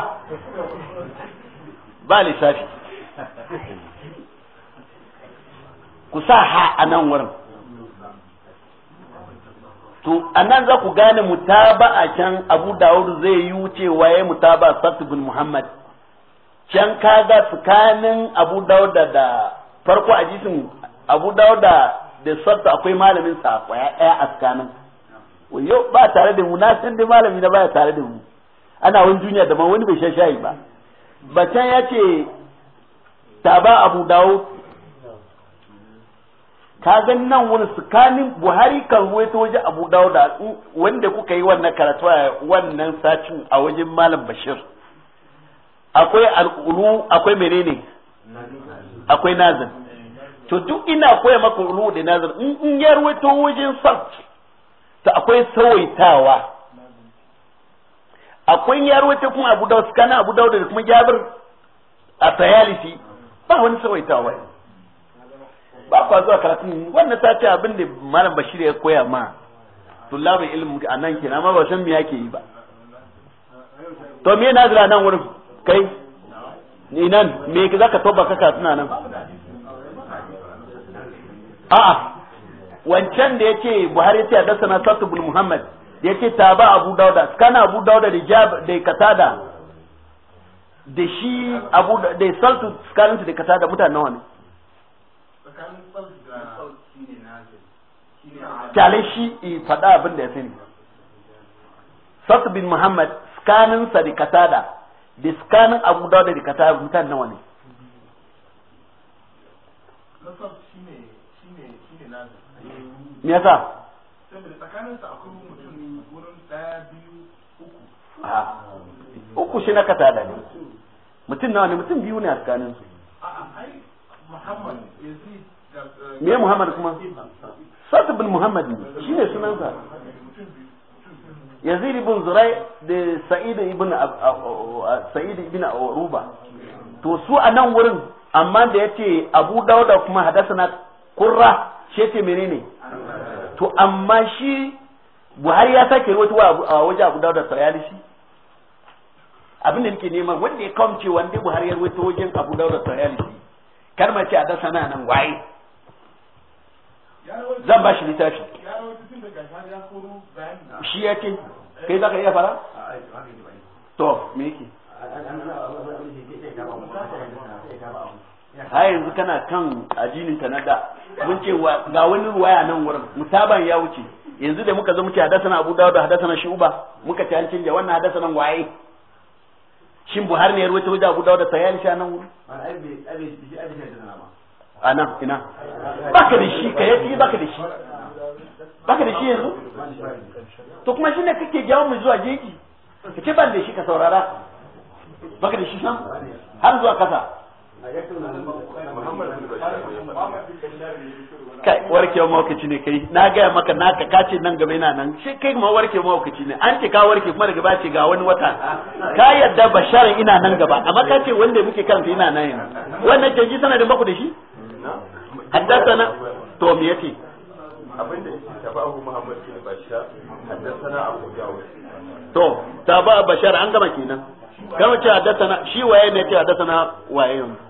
ba lissafi ku sa ha a nan wurin to a nan za ku gane mutaba a can abu dawud zai yi wuce waye mutaba sattu bin muhammad can kaga tsakanin abu dawud da farko a jisin abu dawud da sattu akwai malamin sa kwaya ɗaya a tsakanin yau ba tare da mu na san dai malami na baya tare da mu ana wani duniya ma wani bai shashayi shayi ba bacan ya ce taba abu dawud ka ga nan wani tsakanin buhari kan ta waje abu dauda wanda kuka yi wannan karatu a wannan satin a wajen malam bashir akwai al'ulu akwai menene akwai nazin to duk ina koya maka ulu da nazin in ya ta wajen sabt to akwai sawaitawa akwai ya ta kuma abu dauda tsakanin abu dauda da kuma jabir a tayalisi ba wani sawaitawa ba kwa zuwa karatu wannan ta ce abin da malam bashir ya koya ma tullabin ilimin a nan kenan amma ba san me yake yi ba to me nazira nan wurin kai ni nan me za ka toba ka? suna nan a'a wancan da yake buhari ta dasa sana sattu bin muhammad yake taba abu dauda kana abu dauda da jab da katada da shi abu da saltu skalin da katada mutane nawa ne kyale shi faɗa abin da ya sani sas bin muhammad skaninsa da katada da skanin abu da da katada mutane nawa ne me yasa uku shi na katada ne mutum nawa ne mutum biyu ne a tsakaninsu Uh, uh, me Muhammad kuma Sa'd bin Muhammad ne shine sunansa Yazid ibn Zurai da Sa'id ibn uh, Sa'id ibn Aruba to su a nan wurin amma da yace Abu Dauda kuma hadasana Qurra shi yace menene to amma shi Buhari ya sake rawaito a waje Abu Dauda Sarayali shi abin da nake neman wanda ya kamce wanda Buhari ya rawaito wajen Abu Dauda Sarayali shi kar mace a dasa na nan waye zan ba shi littafi shi yake kai za ka iya fara to me yake ha yanzu kana kan ajinin ta na da mun ce ga wani ruwaya nan wurin musaban ya wuce yanzu da muka zo muke hadasa na abu dawo da hadasa na shi uba muka ci an wannan hadasa nan waye shin buhari ne ya ruwaito wajen abu dawuda sayan shi anan wuri anan ina baka da shi ka yaki baka da shi baka da shi yanzu to kuma shi ne kake jawo mu zuwa jeji ka ce ban da shi ka saurara baka da shi san har zuwa kasa kai warkewa mawakaci ne kai na gaya maka na ka kace nan gaba yana nan shi kai ma warkewa mawakaci ne an ce ka warke kuma daga bace ga wani wata ka yadda basharan ina nan gaba amma ka ce wanda muke karanta ina nan yana wannan canji sana da baku da shi na to me yake abinda yake tabahu muhammad bin bashar na abu dawud to tabahu bashar an gama kenan gama ce na shi waye ne haddasa na waye yanzu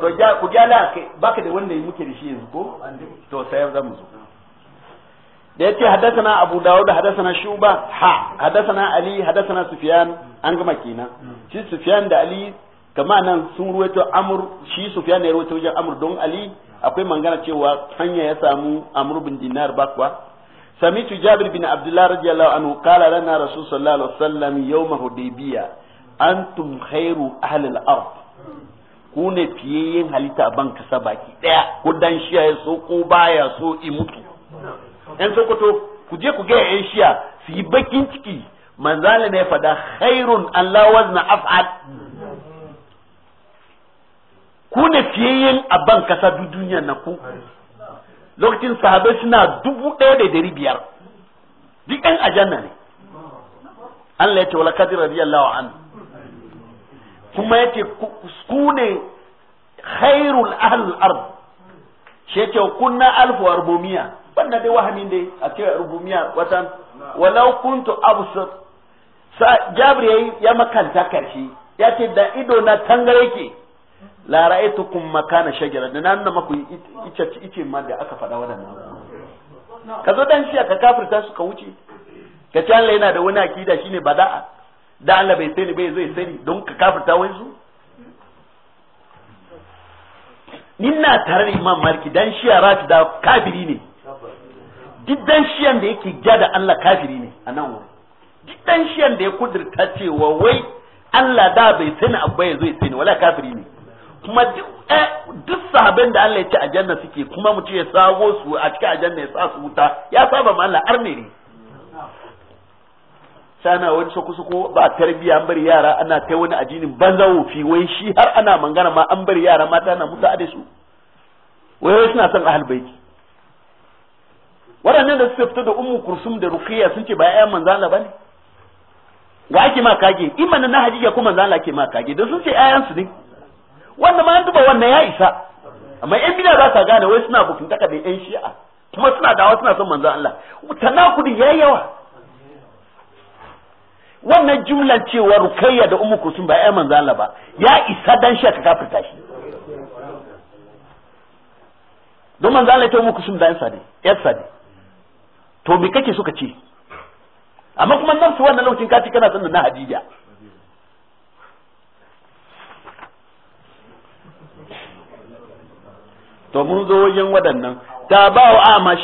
to ja ku ja ke baka da wanda muke da shi yanzu ko to sayar za mu zo da yace hadathana abu dawud hadathana shuba ha hadathana ali hadathana sufyan an gama kenan shi sufyan da ali kama nan sun ruwaito amr shi sufyan ne ruwaito wajen amr don ali akwai mangana cewa hanya ya samu amr bin dinar bakwa samitu jabir bin abdullah radiyallahu anhu qala lana rasul sallallahu alaihi wasallam yawma hudaybiyah antum khairu ahlil ard ku ne fiyayyen halitta ban kasa baki daya ko dan shiya ya so ko baya so i mutu yan sokoto ku je ku ga yan shiya su yi bakin ciki manzala ne fada khairun Allah wazna af'al ku ne fiyayyen a ban kasa duk na ku lokacin sahabai suna dubu daya da dari biyar duk ɗan ajanna ne Allah ya ce wala kadir radiyallahu anhu kuma yace ku ne khairul ahlul ard shi yake kunna alfu arbumiya wannan dai wahamin dai a ce arbumiya watan walau kuntu absir sa jabir yayi ya makanta karshe ya ce da ido na tangare ke la ra'aytukum makana shajara da nan maku ice ice ma da aka faɗa wadannan ka zo dan shi ka kafirta su ka wuce ka ce Allah yana da wani akida shine bada'a da Allah bai sani bai zai sani don ka kafirta wai su ina tare da imam marki dan shiya rafi da kafiri ne duk dan shiyan da yake gya da Allah kafiri ne a nan wuri duk dan shiyan da ya kudurta cewa wai Allah da bai sani abba ya zo ya sani wala kafiri ne kuma duk eh, sahabin da Allah ya ce a janna suke kuma mutum ya sago su a cikin ajanna ya sa su wuta ya saba ma Allah arne ne sana wani sako ko ba tarbiya an bari yara ana ta wani addinin banza wofi wai shi har ana mangana ma an bari yara mata na musa da su wai wai suna son ahal baiti waɗannan da suka fito da ummu kursum da rukiya sun ce ba ƴaƴan manzala bane wa ake ma kage imanin na hajija ko manzala ke ma kage da sun ce ƴaƴan su ne wanda ma an duba wannan ya isa amma ƴan bida za ta gane wai suna bukin takardar yan shi'a kuma suna dawa suna son manzan Allah tanakudin yayi yawa wannan jumlan cewa rukayya da umu Kusum ba ya manzo Allah ba ya isa dan shi ka kafirta shi don manzo Allah ya umu kusum da yansa ne yansa ne to me kake suka ce amma kuma nan su wannan lokacin kaci kana sanin na Hadija to mun zo wajen waɗannan ta ba wa amash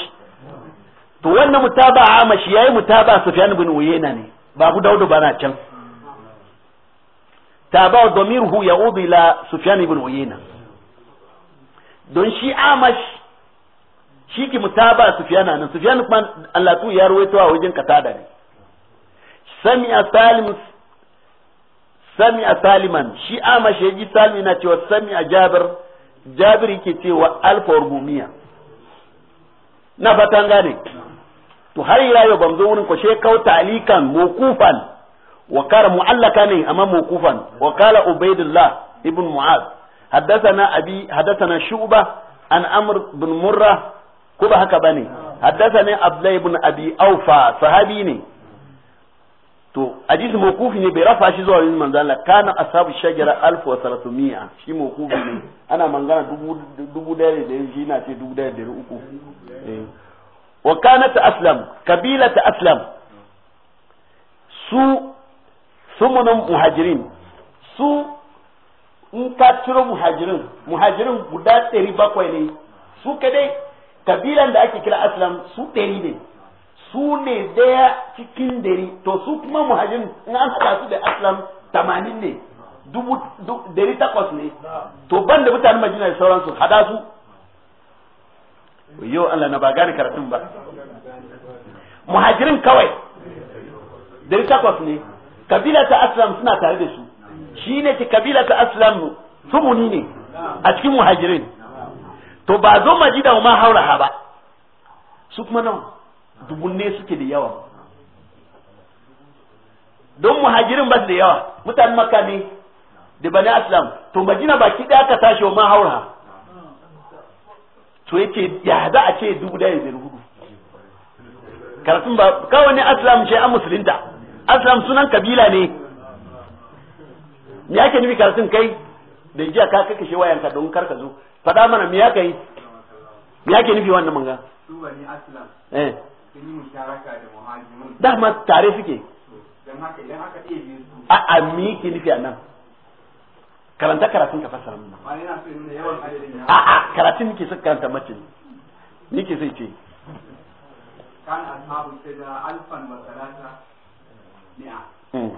to wannan mutaba amash yayi mutaba Sufyan bin Uyayna ne babu daudu bana can taba ya udu ila sufyan ibn uyayna don shi amash shi ki mutaba sufyana nan sufyan kuma Allah tu ya ruwaito a wajen katada ne sami'a salim sami'a saliman shi amash yaji Salim na cewa sami'a jabir jabir yake cewa alfa rubumiya na fatan gane to har ila yau ban zo wurin ku she kau talikan mukufan wa kara mu'allaka ne amma mukufan wa kala ubaidullah ibn mu'az haddathana abi haddathana shu'ba an amr bin murra ko ba haka bane haddathani abdullah ibn abi awfa sahabi ne to hadisi mokufi ne bai rafa shi zuwa yin manzo Allah kana ashabu shajara 1300 shi mokufi ne ana mangana dubu dubu da da shi na ce dubu da da uku eh wa kanat aslam kabilat aslam su sumunin muhajirin su in ka ciro muhajirin muhajirin guda ɗari bakwai ne su kadai kabilan da ake kira aslam su ɗari ne su ne daya cikin ɗari to su kuma muhajirin in an haɗa su da aslam tamanin ne dubu ɗari takwas ne to ban da mutanen majina da sauransu hada su yau Allah na ba gane karatun ba muhajirin kawai dari takwas ne kabila ta aslam suna tare da su shi ne ki kabila ta aslam muni ne a cikin muhajirin to ba zo majida ma hauraha ba su kuma nan dubunne suke da yawa don muhajirin ba da yawa mutanen makka ne da bani aslam to majina baki daya ka tashi wa ma hauraha to yake ya da a ce dubu daya biyar hudu karatun ba kawai ne aslam ce an musulunta aslam sunan kabila ne me yake nufi karatun kai da jiya ka kake shi wayanka don kar ka zo faɗa mana me yake yi me yake nufi wannan manga su bani aslam eh sun yi musharaka da muhajirin dama tare suke dan haka idan aka ɗebe su a a me nufi a nan karanta karatun ka fassara mun a a karatun nake son karanta mace ne nake sai ce kan ashabu sai da alfan wa salata ni'a hmm.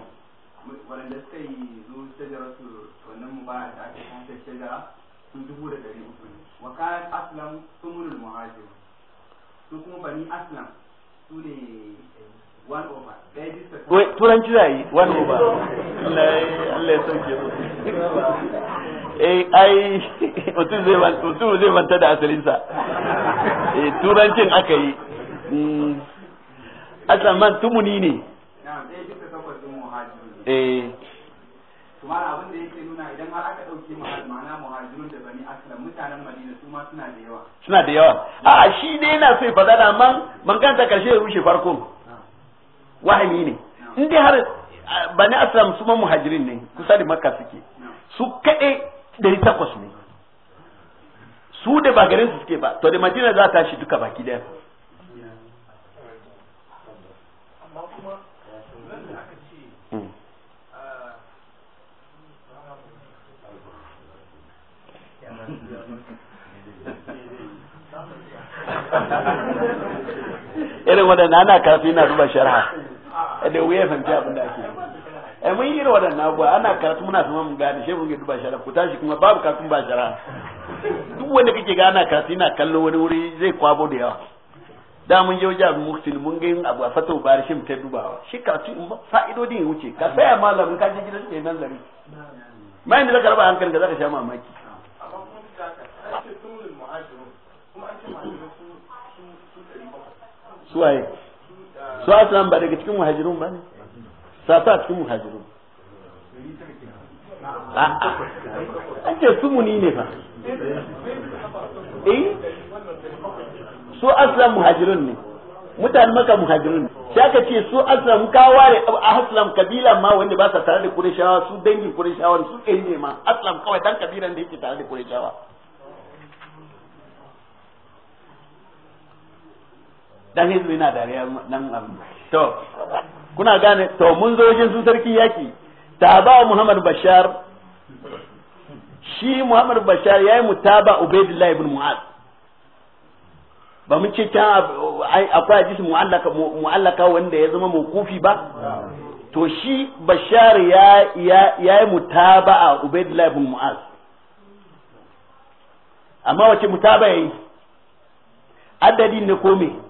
wanda suka yi zo su wannan mubarak da ake kanta shajara sun dubu da dari uku ne wa kayan aslam sumurul muhajir su kuma bani aslam su ne turanci za a yi one over Allah ya sauke eh ai mutum zai mutum zai manta da asalinsa eh turancin aka yi hmm. asan man tumuni ne eh kuma abin da yake nuna idan har aka dauke ma'ana muhajirun da bani aslam mutanen madina su ma suna da yawa suna da yawa a shi dai yana so ya fada da man man kanta karshe ya rushe farkon wahami ne in dai har bani asram su ma muhajirin ne kusa da makka suke su kaɗe 800 ne su da ba garin su suke ba to da madina za ta shi duka baki daya hmm. irin waɗanda ana karfi na duba sharha da wuya fahimci abin da ake yi eh, mun yi irin waɗannan abubuwa ana karatu muna sama mun gane shi mun yi duba shara ku tashi kuma babu karatu ba shara duk wanda kake ga ana karatu yana kallo wani wuri zai kwabo da yawa da mun je wajen muktil mun ga abu a fata bari shi ta dubawa shi karatu fa'idodin ya wuce ka saya malamin ka je gidan sai nazari bayan da zaka raba ka zaka sha mamaki suwaye su aslam ba daga cikin muhajirun ba ne sata cikin muhajirun an ce muni ne fa eh su aslam muhajirun ne mutanen maka muhajirun sai aka ce su kawa ne a aslam kabilan ma wanda ba sa tare da qurayshawa su dangin qurayshawa su ɗan ne ma aslam kawai dan kabilan da yake tare da qurayshawa dan yanzu yana dariya nan abin to kuna gane to mun zo wajen su sarki yaki taba Muhammad Bashar shi Muhammad Bashar yayi mutaba Ubaidillah ibn Mu'az ba mun ce can akwai hadisi mu'allaka mu'allaka wanda ya zama mukufi ba to shi Bashar ya ya yi mutaba'a Ubaidillah ibn Mu'az amma wace mutaba yayi adadin ne ko me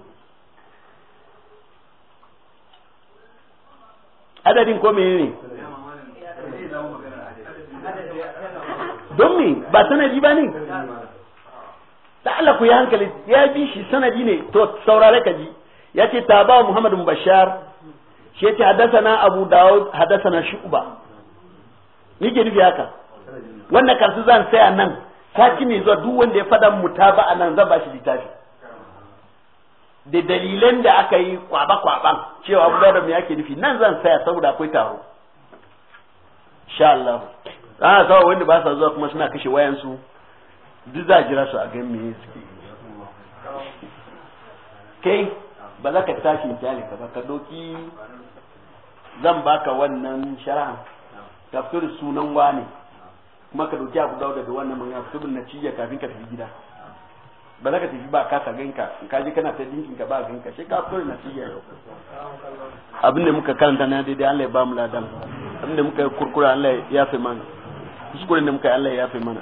adadin ko menene don me ba sanadi ba ne da ku yi hankali ya bi shi sanadi ne to saurare ka ji ya ce ta ba Muhammadu Bashar shi ya ce haddasana Abu Dawud na Shu'ba ni ke nufi haka wannan kasu zan saya nan sati ne zuwa duk wanda ya fada ba a nan zan ba shi littafi da dalilan da aka yi kwaba-kwaban cewa abu da me ake nufi nan zan saya saboda akwai taro insha Allah ana ah, sawa wanda ba sa zuwa kuma suna kashe wayansu duk za a jira su a gan me suke kai ba za ka tashi misali ka ba ka doki zan baka wannan sharhan. tafsir sunan wane kuma ka doki abu da wannan mun ya na natija kafin ka tafi gida ba za ka tafi ba ka sa ganka in ka je kana ta dinkin ka ba ganka shi ka kore na tiya yau abin da muka karanta na daidai Allah ya ba mu ladan abin da muka kurkura Allah ya fi mana kuskuren da muka Allah ya fi mana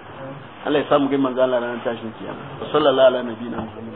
Allah ya samu gaiman zalla ranar tashin kiyama sallallahu alaihi wa sallam